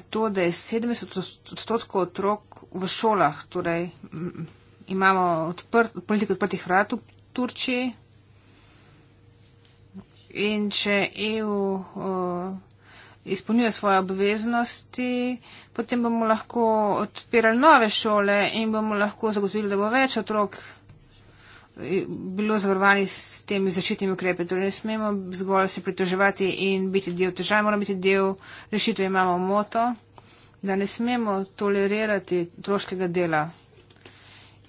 to, da je 70 odstotkov otrok v šolah, torej mm, imamo odprt, politiko odprtih vrat v Turčiji. In če EU uh, izpolnjuje svoje obveznosti, potem bomo lahko odpirali nove šole in bomo lahko zagotovili, da bo več otrok bilo zavarovani s temi začetnimi ukrepi. Torej ne smemo zgolj se pritoževati in biti del težave, moramo biti del rešitve, imamo moto, da ne smemo tolerirati troškega dela.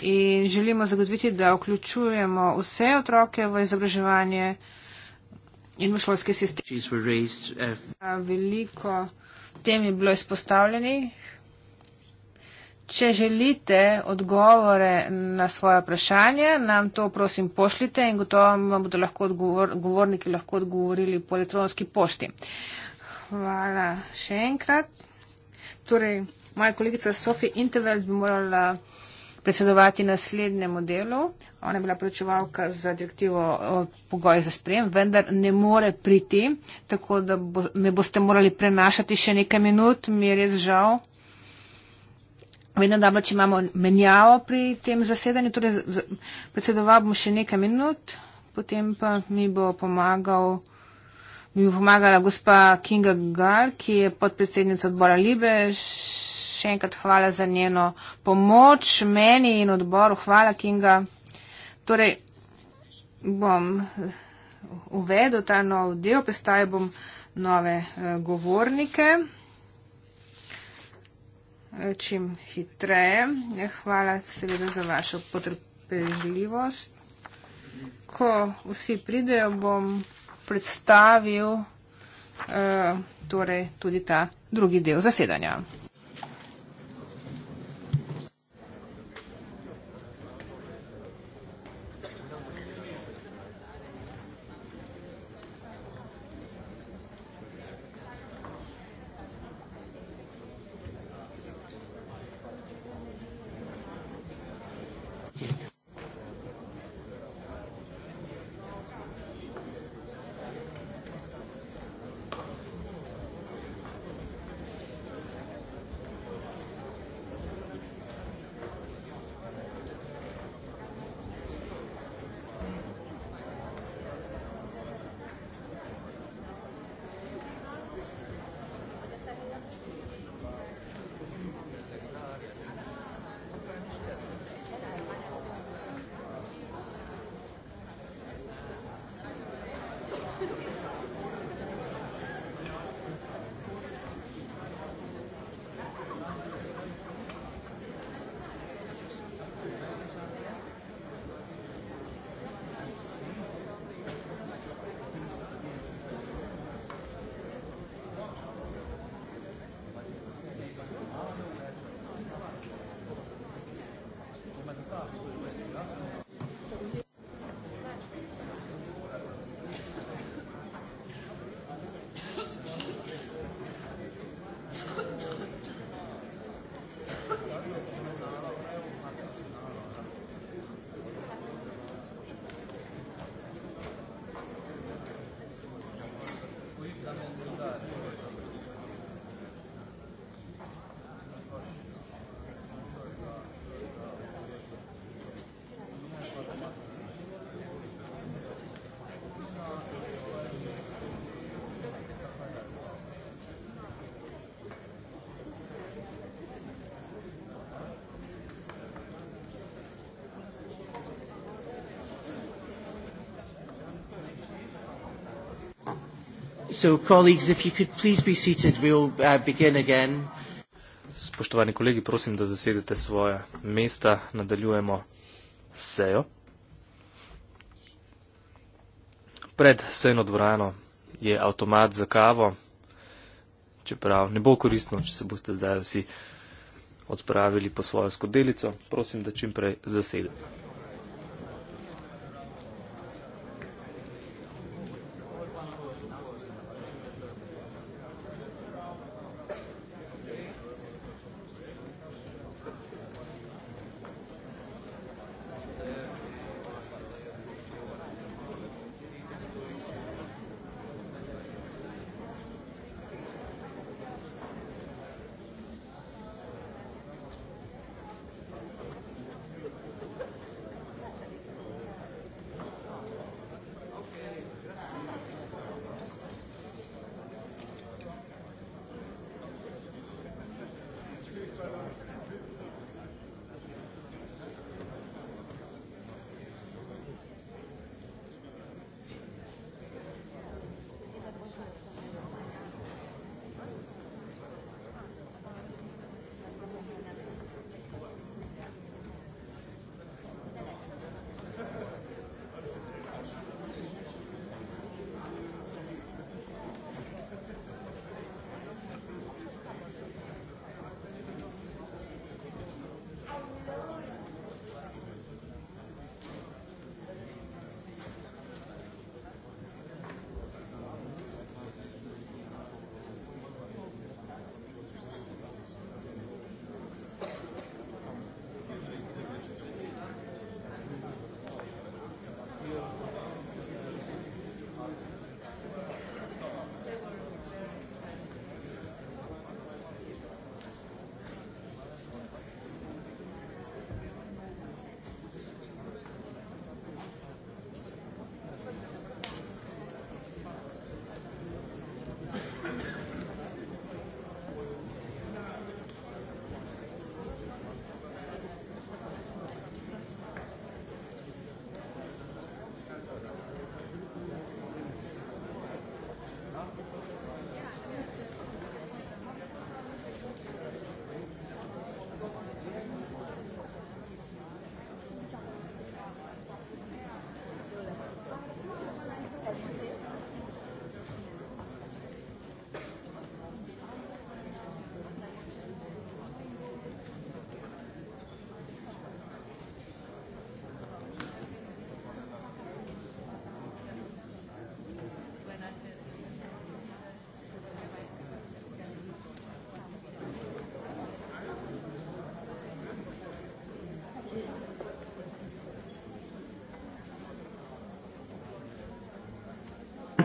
In želimo zagotoviti, da vključujemo vse otroke v izobraževanje in v šolski sistem. Uh, veliko tem je bilo izpostavljenih. Če želite odgovore na svoje vprašanje, nam to prosim pošljite in gotovo vam bodo lahko odgovor, govorniki lahko odgovorili po elektronski pošti. Hvala še enkrat. Torej, moja kolegica Sofija Intervelt bi morala predsedovati naslednjemu delu. Ona je bila pričevalka za direktivo pogoje za sprejem, vendar ne more priti, tako da bo, me boste morali prenašati še nekaj minut, mi je res žal. Vedem, da če imamo menjavo pri tem zasedanju, torej predsedoval bom še nekaj minut, potem pa mi bo pomagal, mi bo pomagala gospa Kinga Gal, ki je podpredsednica odbora Libe. Še enkrat hvala za njeno pomoč meni in odboru. Hvala, Kinga. Torej, bom eh, uvedel ta nov del, postavil bom nove uh, govornike čim hitreje. Hvala seveda za vašo potrpežljivost. Ko vsi pridejo, bom predstavil eh, torej tudi ta drugi del zasedanja. Colleagues, if you could please be seated, we'll uh, begin again. Spoštovani kolegi, prosim, da zasedete svoje mesta. Nadaljujemo sejo. Pred sejno dvorano je avtomat za kavo, čeprav ne bo koristno, če se boste zdaj vsi odpravili po svojo skodelico. Prosim, da čimprej zasedete.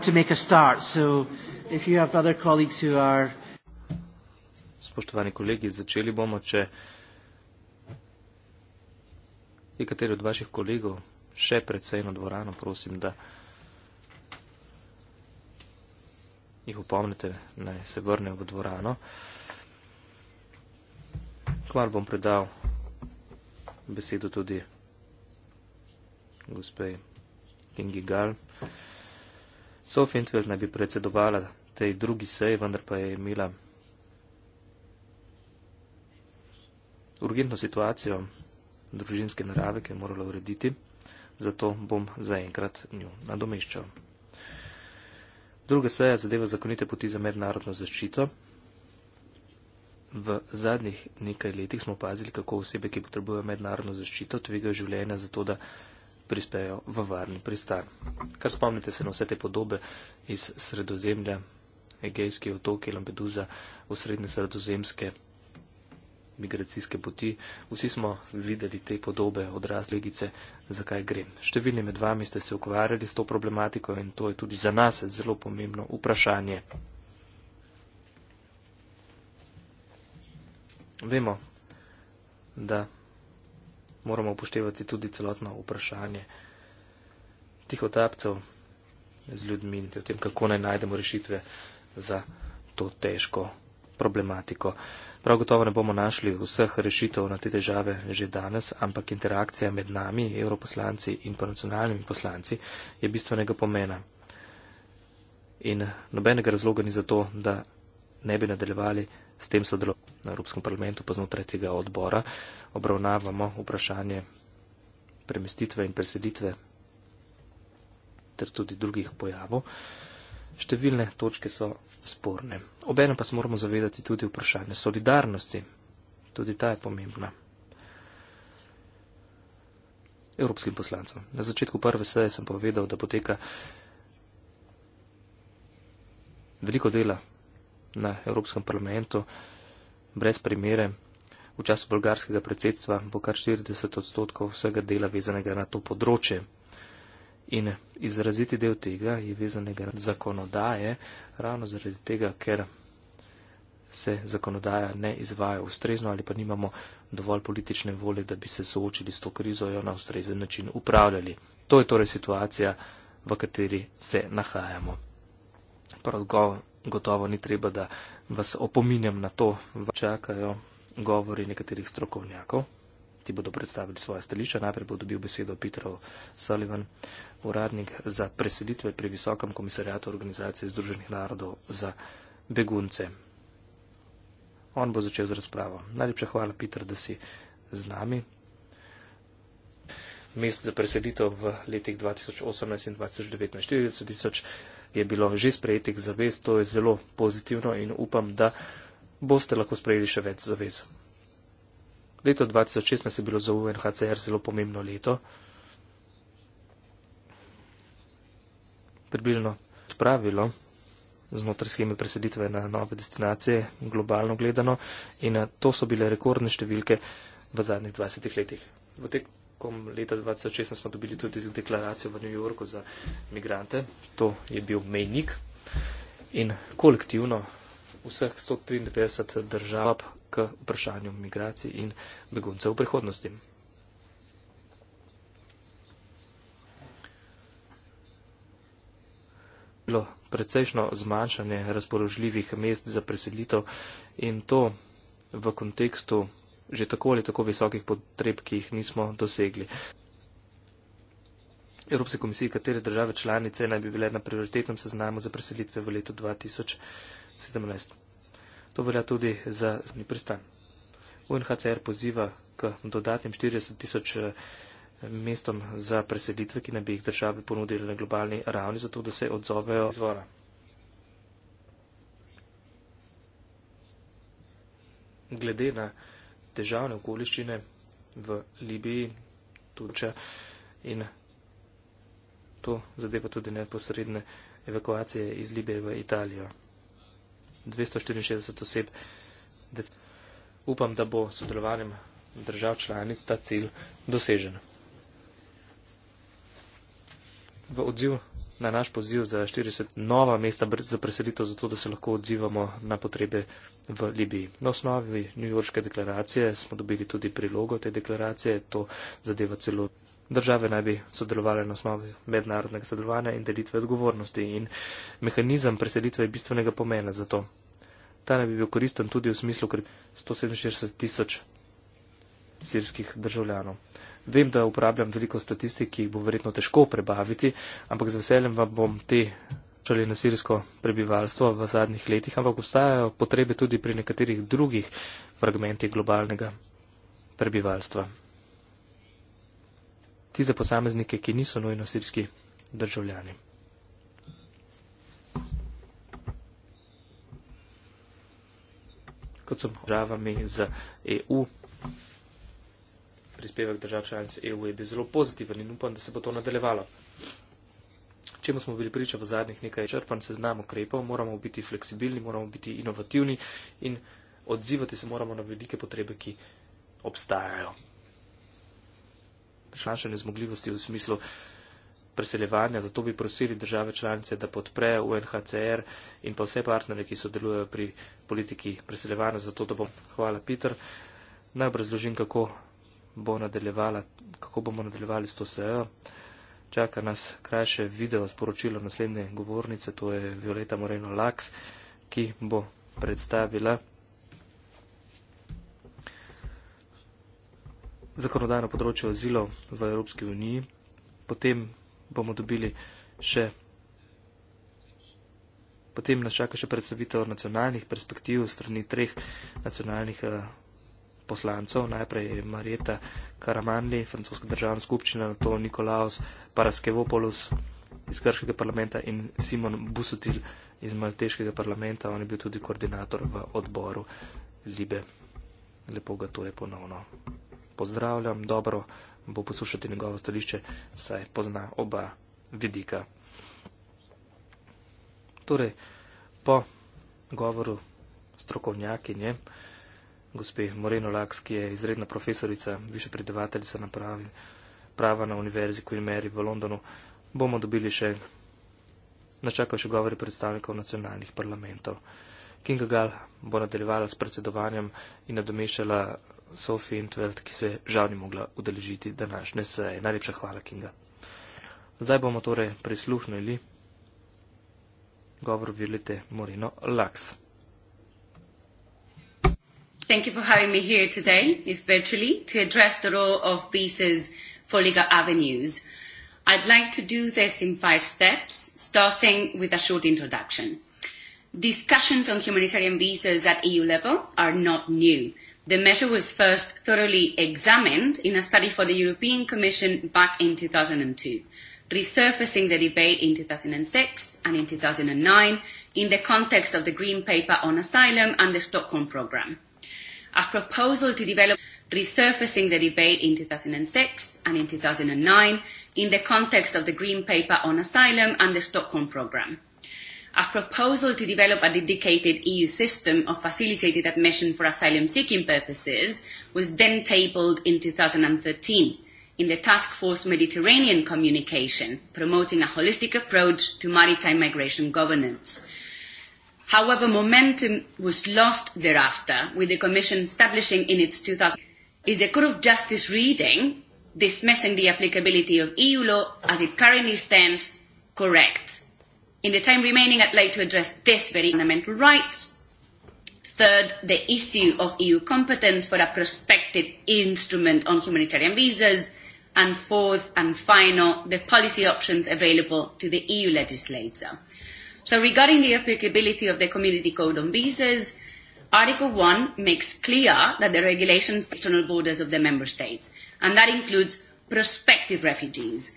to make a start. So if you have other colleagues who are... Spoštovani kolegi, začeli bomo, če je kateri od vaših kolegov še predsej na dvorano, prosim, da jih upomnite, da se vrnejo v dvorano. Hvala bom predal besedo tudi gospej Ingi Galm. Sofintveld naj bi predsedovala tej drugi seji, vendar pa je imela urgentno situacijo družinske narave, ki je morala urediti, zato bom zaenkrat nju nadomeščal. Druga seja zadeva zakonite poti za mednarodno zaščito. V zadnjih nekaj letih smo opazili, kako osebe, ki potrebujejo mednarodno zaščito, tvegajo življenja za to, da prispejo v varni pristar. Kar spomnite se na vse te podobe iz sredozemlja, Egejski otoki, Lampedusa, osrednje sredozemske migracijske poti. Vsi smo videli te podobe odraslegice, zakaj gre. Številni med vami ste se ukvarjali s to problematiko in to je tudi za nas zelo pomembno vprašanje. Vemo, da moramo upoštevati tudi celotno vprašanje tihotapcev z ljudmi in o tem, kako naj najdemo rešitve za to težko problematiko. Prav gotovo ne bomo našli vseh rešitev na te težave že danes, ampak interakcija med nami, europoslanci in pa nacionalnimi poslanci, je bistvenega pomena. In nobenega razloga ni za to, da ne bi nadaljevali s tem sodelovanjem na Evropskem parlamentu, pa znotraj tega odbora obravnavamo vprašanje premestitve in preseditve ter tudi drugih pojavov. Številne točke so sporne. Obenem pa se moramo zavedati tudi vprašanje solidarnosti. Tudi ta je pomembna. Evropskim poslancem. Na začetku prve seje sem povedal, da poteka veliko dela na Evropskem parlamentu brez primere. V času bolgarskega predsedstva bo kar 40 odstotkov vsega dela vezanega na to področje. In izraziti del tega je vezanega na zakonodaje, ravno zaradi tega, ker se zakonodaja ne izvaja ustrezno ali pa nimamo dovolj politične volje, da bi se soočili s to krizo in jo na ustrezen način upravljali. To je torej situacija, v kateri se nahajamo. Prav odgovor gotovo ni treba, da vas opominjam na to, vas čakajo govori nekaterih strokovnjakov. Ti bodo predstavili svoje stališče. Najprej bo dobil besedo Peter Sullivan, uradnik za preselitve pri Visokem komisarijatu Organizacije Združenih narodov za begunce. On bo začel z razpravo. Najlepša hvala, Peter, da si z nami. Mest za preselitev v letih 2018 in 2019 40 tisoč je bilo že sprejetih zavez, to je zelo pozitivno in upam, da boste lahko sprejeli še več zavez. Leto 2016 je bilo za UNHCR zelo pomembno leto. Približno odpravilo znotraj scheme preseditve na nove destinacije, globalno gledano, in eh, to so bile rekordne številke v zadnjih 20 letih. V teh tekom leta 2016 smo dobili tudi deklaracijo v New Yorku za imigrante. To je bil mejnik in kolektivno vseh 153 držav k vprašanju migracij in beguncev v prihodnosti. Bilo precejšno zmanjšanje razpoložljivih mest za preselitev in to v kontekstu že tako ali tako visokih potreb, ki jih nismo dosegli. Evropske komisije, katere države članice naj bi bile na prioritetnem seznamu za preselitve v letu 2017. To velja tudi za zni pristan. UNHCR poziva k dodatnim 40 tisoč eh, mestom za preselitve, ki naj bi jih države ponudili na globalni ravni, zato da se odzovejo izvora. Glede na težavne okoliščine v Libiji, Turčja in to zadeva tudi neposredne evakuacije iz Libije v Italijo. 264 oseb. Upam, da bo sodelovanjem držav članic ta cilj dosežen v odziv na naš poziv za 40 nova mesta za preselitev, zato da se lahko odzivamo na potrebe v Libiji. Na osnovi New Yorkske deklaracije smo dobili tudi prilogo te deklaracije, to zadeva celo. Države naj bi sodelovali na osnovi mednarodnega sodelovanja in delitve odgovornosti in mehanizem preselitve je bistvenega pomena za to. Ta naj bi bil koristen tudi v smislu 167 tisoč sirskih državljanov. Vem, da uporabljam veliko statistik, ki jih bo verjetno težko prebaviti, ampak z veseljem vam bom te črli na sirsko prebivalstvo v zadnjih letih, ampak ostajajo potrebe tudi pri nekaterih drugih fragmentih globalnega prebivalstva. Ti za posameznike, ki niso nujno sirski državljani. Kot so državami z EU prispevek držav članic EU je bil zelo pozitiven in upam, da se bo to nadaljevalo. Čemu smo bili priča v zadnjih nekaj črpanj seznam ukrepov, moramo biti fleksibilni, moramo biti inovativni in odzivati se moramo na velike potrebe, ki obstajajo. Prišlanšene zmogljivosti v smislu preseljevanja, zato bi prosili države članice, da podprejo UNHCR in pa vse partnere, ki sodelujejo pri politiki preseljevanja, zato da bom, hvala Peter, naj obrazložim, kako bo nadaljevala, kako bomo nadaljevali s to sejo. Čaka nas krajše video sporočilo naslednje govornice, to je Violeta Moreno Laks, ki bo predstavila zakonodajno področje azilov v Evropski uniji. Potem bomo dobili še. Potem nas čaka še predstavitev nacionalnih perspektiv strani treh nacionalnih eh, poslancev, najprej Marjeta Karamandi, francoska državna skupščina, nato Nikolaus Paraskevopoulos iz Grškega parlamenta in Simon Busutil iz Malteškega parlamenta. On je bil tudi koordinator v odboru Libe. Lepo ga torej ponovno pozdravljam, dobro bo poslušati njegovo stališče, saj pozna oba vidika. Torej, po govoru strokovnjakinje gospe Moreno Laks, ki je izredna profesorica, više predavateljica na pravi, prava na univerzi Queen Mary v Londonu, bomo dobili še, načakal še govori predstavnikov nacionalnih parlamentov. Kinga Gal bo nadaljevala s predsedovanjem in nadomeščala Sofijo Intveld, ki se žal ni mogla udeležiti današnje seje. Najlepša hvala, Kinga. Zdaj bomo torej prisluhnili govor Violete Moreno Laks. Thank you for having me here today, if virtually, to address the role of visas for legal avenues. I'd like to do this in five steps, starting with a short introduction. Discussions on humanitarian visas at EU level are not new. The measure was first thoroughly examined in a study for the European Commission back in 2002, resurfacing the debate in 2006 and in 2009 in the context of the Green Paper on Asylum and the Stockholm Programme. Our proposal to develop resurfacing the debate in 2006 and in 2009 in the context of the Green Paper on Asylum and the Stockholm Programme. Our proposal to develop a dedicated EU system of facilitated admission for asylum seeking purposes was then tabled in 2013 in the Task Force Mediterranean Communication, promoting a holistic approach to maritime migration governance. However, momentum was lost thereafter, with the Commission establishing in its 2000 is the Court of Justice reading dismissing the applicability of EU law as it currently stands correct. In the time remaining, I'd like to address this very fundamental rights. Third, the issue of EU competence for a prospective instrument on humanitarian visas. And fourth and final, the policy options available to the EU legislator. So regarding the applicability of the Community Code on Visas, Article 1 makes clear that the regulations external borders of the Member States, and that includes prospective refugees.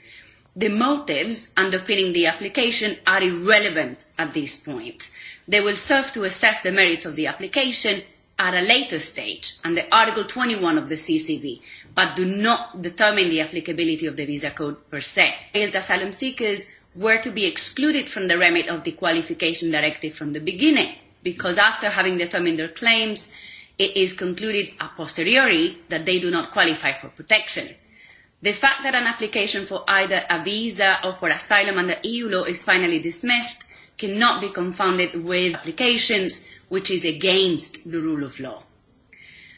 The motives underpinning the application are irrelevant at this point. They will serve to assess the merits of the application at a later stage under Article 21 of the CCV, but do not determine the applicability of the visa code per se. Failed asylum seekers were to be excluded from the remit of the qualification directive from the beginning, because after having determined their claims, it is concluded a posteriori that they do not qualify for protection. The fact that an application for either a visa or for asylum under EU law is finally dismissed cannot be confounded with applications which is against the rule of law.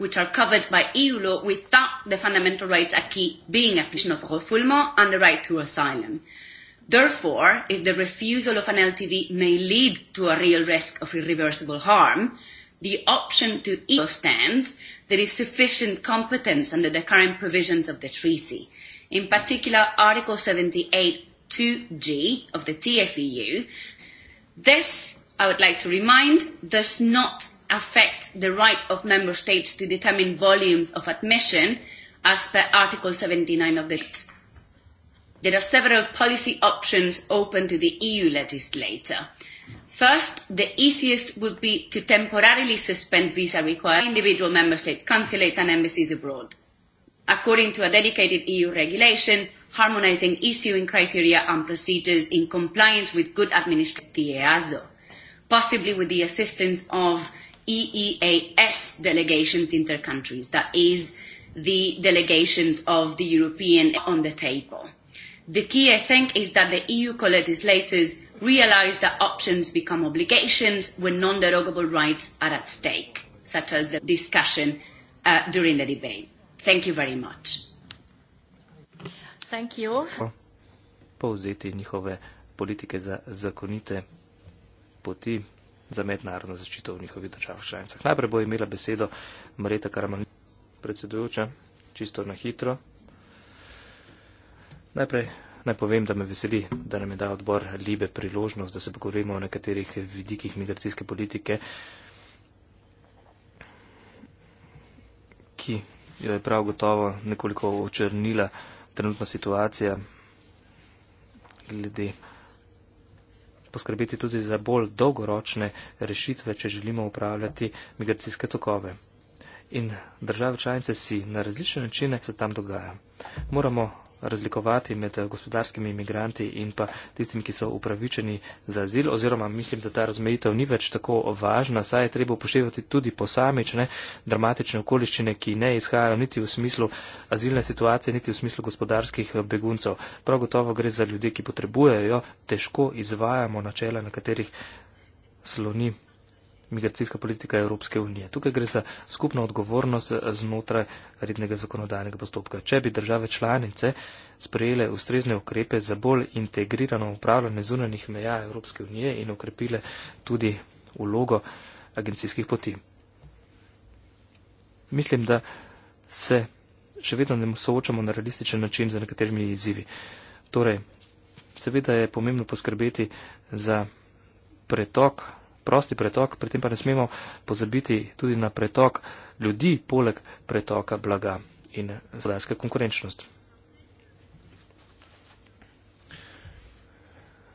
which are covered by EU law without the fundamental rights acquis being a condition of refoulement and the right to asylum. Therefore, if the refusal of an LTV may lead to a real risk of irreversible harm, the option to EU stands there is sufficient competence under the current provisions of the treaty. In particular, Article 78 2G of the TFEU. This, I would like to remind, does not affect the right of member states to determine volumes of admission as per Article 79 of the t- there are several policy options open to the EU legislator. First, the easiest would be to temporarily suspend visa required individual member state consulates and embassies abroad. According to a dedicated EU regulation, harmonizing issuing criteria and procedures in compliance with good administration, the EASO, possibly with the assistance of EEAS delegations intercountries, that is the delegations of the European on the table. The key, I think, is that the EU co-legislators realize that options become obligations when non-derogable rights are at stake, such as the discussion uh, during the debate. Thank you very much. Thank you. Povzeti njihove politike za zakonite poti za mednarodno zaščito v njihovih državah članicah. Najprej bo imela besedo Marita Karaman, predsedujoča, čisto na hitro. Najprej naj povem, da me veseli, da nam je dal odbor Libe priložnost, da se pogovorimo o nekaterih vidikih migracijske politike, ki jo je prav gotovo nekoliko očrnila trenutna situacija glede poskrbeti tudi za bolj dolgoročne rešitve, če želimo upravljati migracijske tokove. In države članice si na različne načine se tam dogaja. Moramo razlikovati med eh, gospodarskimi imigranti in pa tistimi, ki so upravičeni za azil, oziroma mislim, da ta razmejitev ni več tako važna, saj je treba upoštevati tudi posamične dramatične okoliščine, ki ne izhajajo niti v smislu azilne situacije, niti v smislu gospodarskih eh, beguncev. Prav gotovo gre za ljudi, ki potrebujejo, težko izvajamo načela, na katerih sloni migracijska politika Evropske unije. Tukaj gre za skupno odgovornost znotraj rednega zakonodajnega postopka. Če bi države članice sprejele ustrezne ukrepe za bolj integrirano upravljanje zunanih meja Evropske unije in okrepile tudi ulogo agencijskih poti. Mislim, da se še vedno ne soočamo na realističen način za nekaterimi izzivi. Torej, seveda je pomembno poskrbeti za pretok prosti pretok, pri tem pa ne smemo pozabiti tudi na pretok ljudi, poleg pretoka blaga in zadajska konkurenčnost.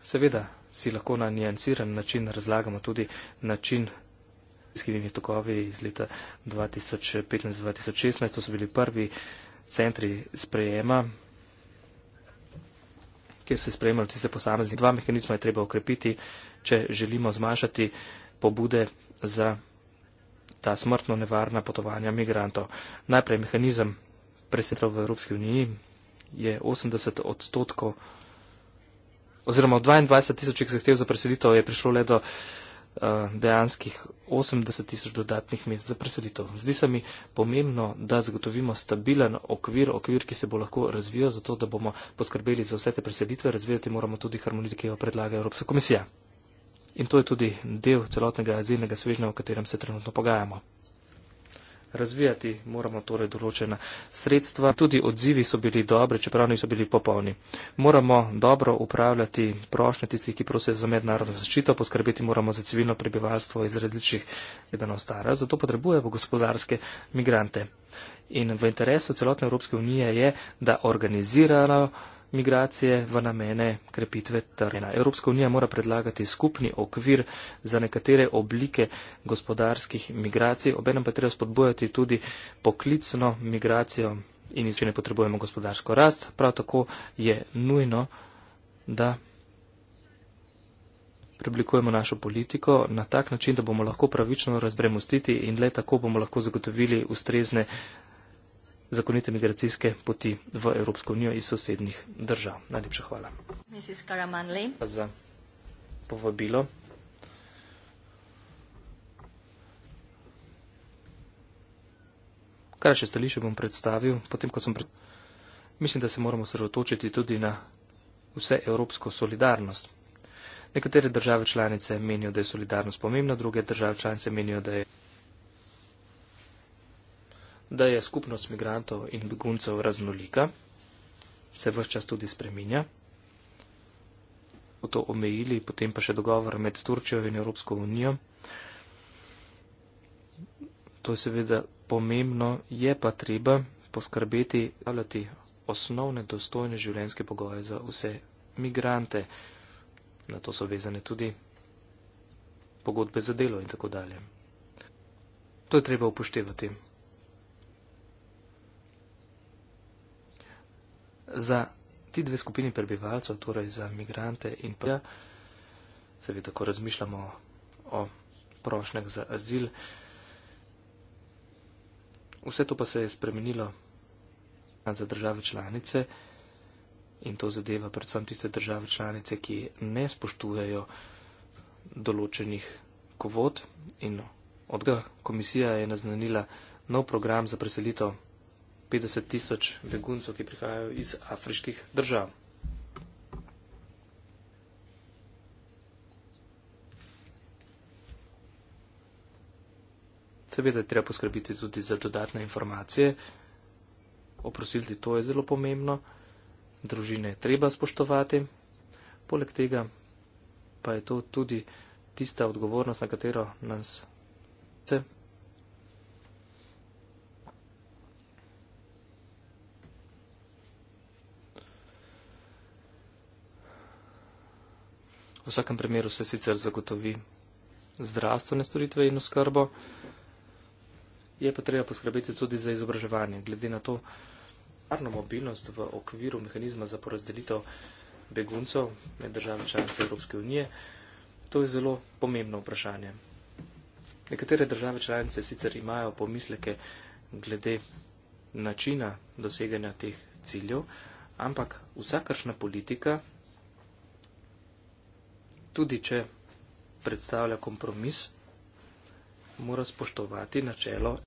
Seveda si lahko na njenciran način razlagamo tudi način skrivini tokovi iz leta 2015-2016. To so bili prvi centri sprejema, kjer se spremljajo tiste posamezne. Dva mehanizma je treba okrepiti, če želimo zmanjšati pobude za ta smrtno nevarna potovanja migrantov. Najprej mehanizem presetrov v Evropski uniji je 80 odstotkov oziroma 22 tisočih zahtev za preselitev je prišlo le do Eh, dejanskih 80 tisoč dodatnih mest za preselitev. Zdi se mi pomembno, da zagotovimo stabilen okvir, okvir, ki se bo lahko razvijal, zato da bomo poskrbeli za vse te preselitve, razvijati moramo tudi harmonizacijo, ki jo predlaga Evropska komisija. In to je tudi del celotnega azilnega svežnja, o katerem se trenutno pogajamo razvijati, moramo torej določena sredstva. Tudi odzivi so bili dobri, čeprav niso bili popolni. Moramo dobro upravljati prošnje tistih, ki prosijo za mednarodno zaščito, poskrbeti moramo za civilno prebivalstvo iz različnih gledanov stara, zato potrebujemo gospodarske migrante. In v interesu celotne Evropske unije je, da organizirajo migracije v namene krepitve trga. Evropska unija mora predlagati skupni okvir za nekatere oblike gospodarskih migracij, obenem pa treba spodbojati tudi poklicno migracijo in izvine potrebujemo gospodarsko rast. Prav tako je nujno, da preblikujemo našo politiko na tak način, da bomo lahko pravično razbremustiti in le tako bomo lahko zagotovili ustrezne zakonite migracijske poti v Evropsko unijo iz sosednjih držav. Najlepša hvala. Za povabilo. Kar še stališče bom predstavil, potem ko sem pred... Mislim, da se moramo sredotočiti tudi na vse evropsko solidarnost. Nekatere države članice menijo, da je solidarnost pomembna, druge države članice menijo, da je da je skupnost migrantov in beguncev raznolika, se vse čas tudi spreminja. V to omejili, potem pa še dogovor med Turčjo in Evropsko unijo. To je seveda pomembno, je pa treba poskrbeti, alati osnovne dostojne življenjske pogoje za vse migrante. Na to so vezane tudi pogodbe za delo in tako dalje. To je treba upoštevati. za ti dve skupini prebivalcev, torej za migrante in prja, seveda, ko razmišljamo o prošnjah za azil, vse to pa se je spremenilo za države članice in to zadeva predvsem tiste države članice, ki ne spoštujejo določenih kvot in odga. Komisija je naznanila nov program za preselitev 150 tisoč beguncev, ki prihajajo iz afriških držav. Seveda je treba poskrbiti tudi za dodatne informacije. Oprositi to je zelo pomembno. Družine je treba spoštovati. Poleg tega pa je to tudi tista odgovornost, na katero nas vse V vsakem primeru se sicer zagotovi zdravstvene storitve in oskrbo, je pa treba poskrbeti tudi za izobraževanje. Glede na to, varno mobilnost v okviru mehanizma za porazdelitev beguncev med državami članice Evropske unije, to je zelo pomembno vprašanje. Nekatere države članice sicer imajo pomisleke glede načina doseganja teh ciljev, ampak vsakršna politika tudi če predstavlja kompromis, mora spoštovati načelo.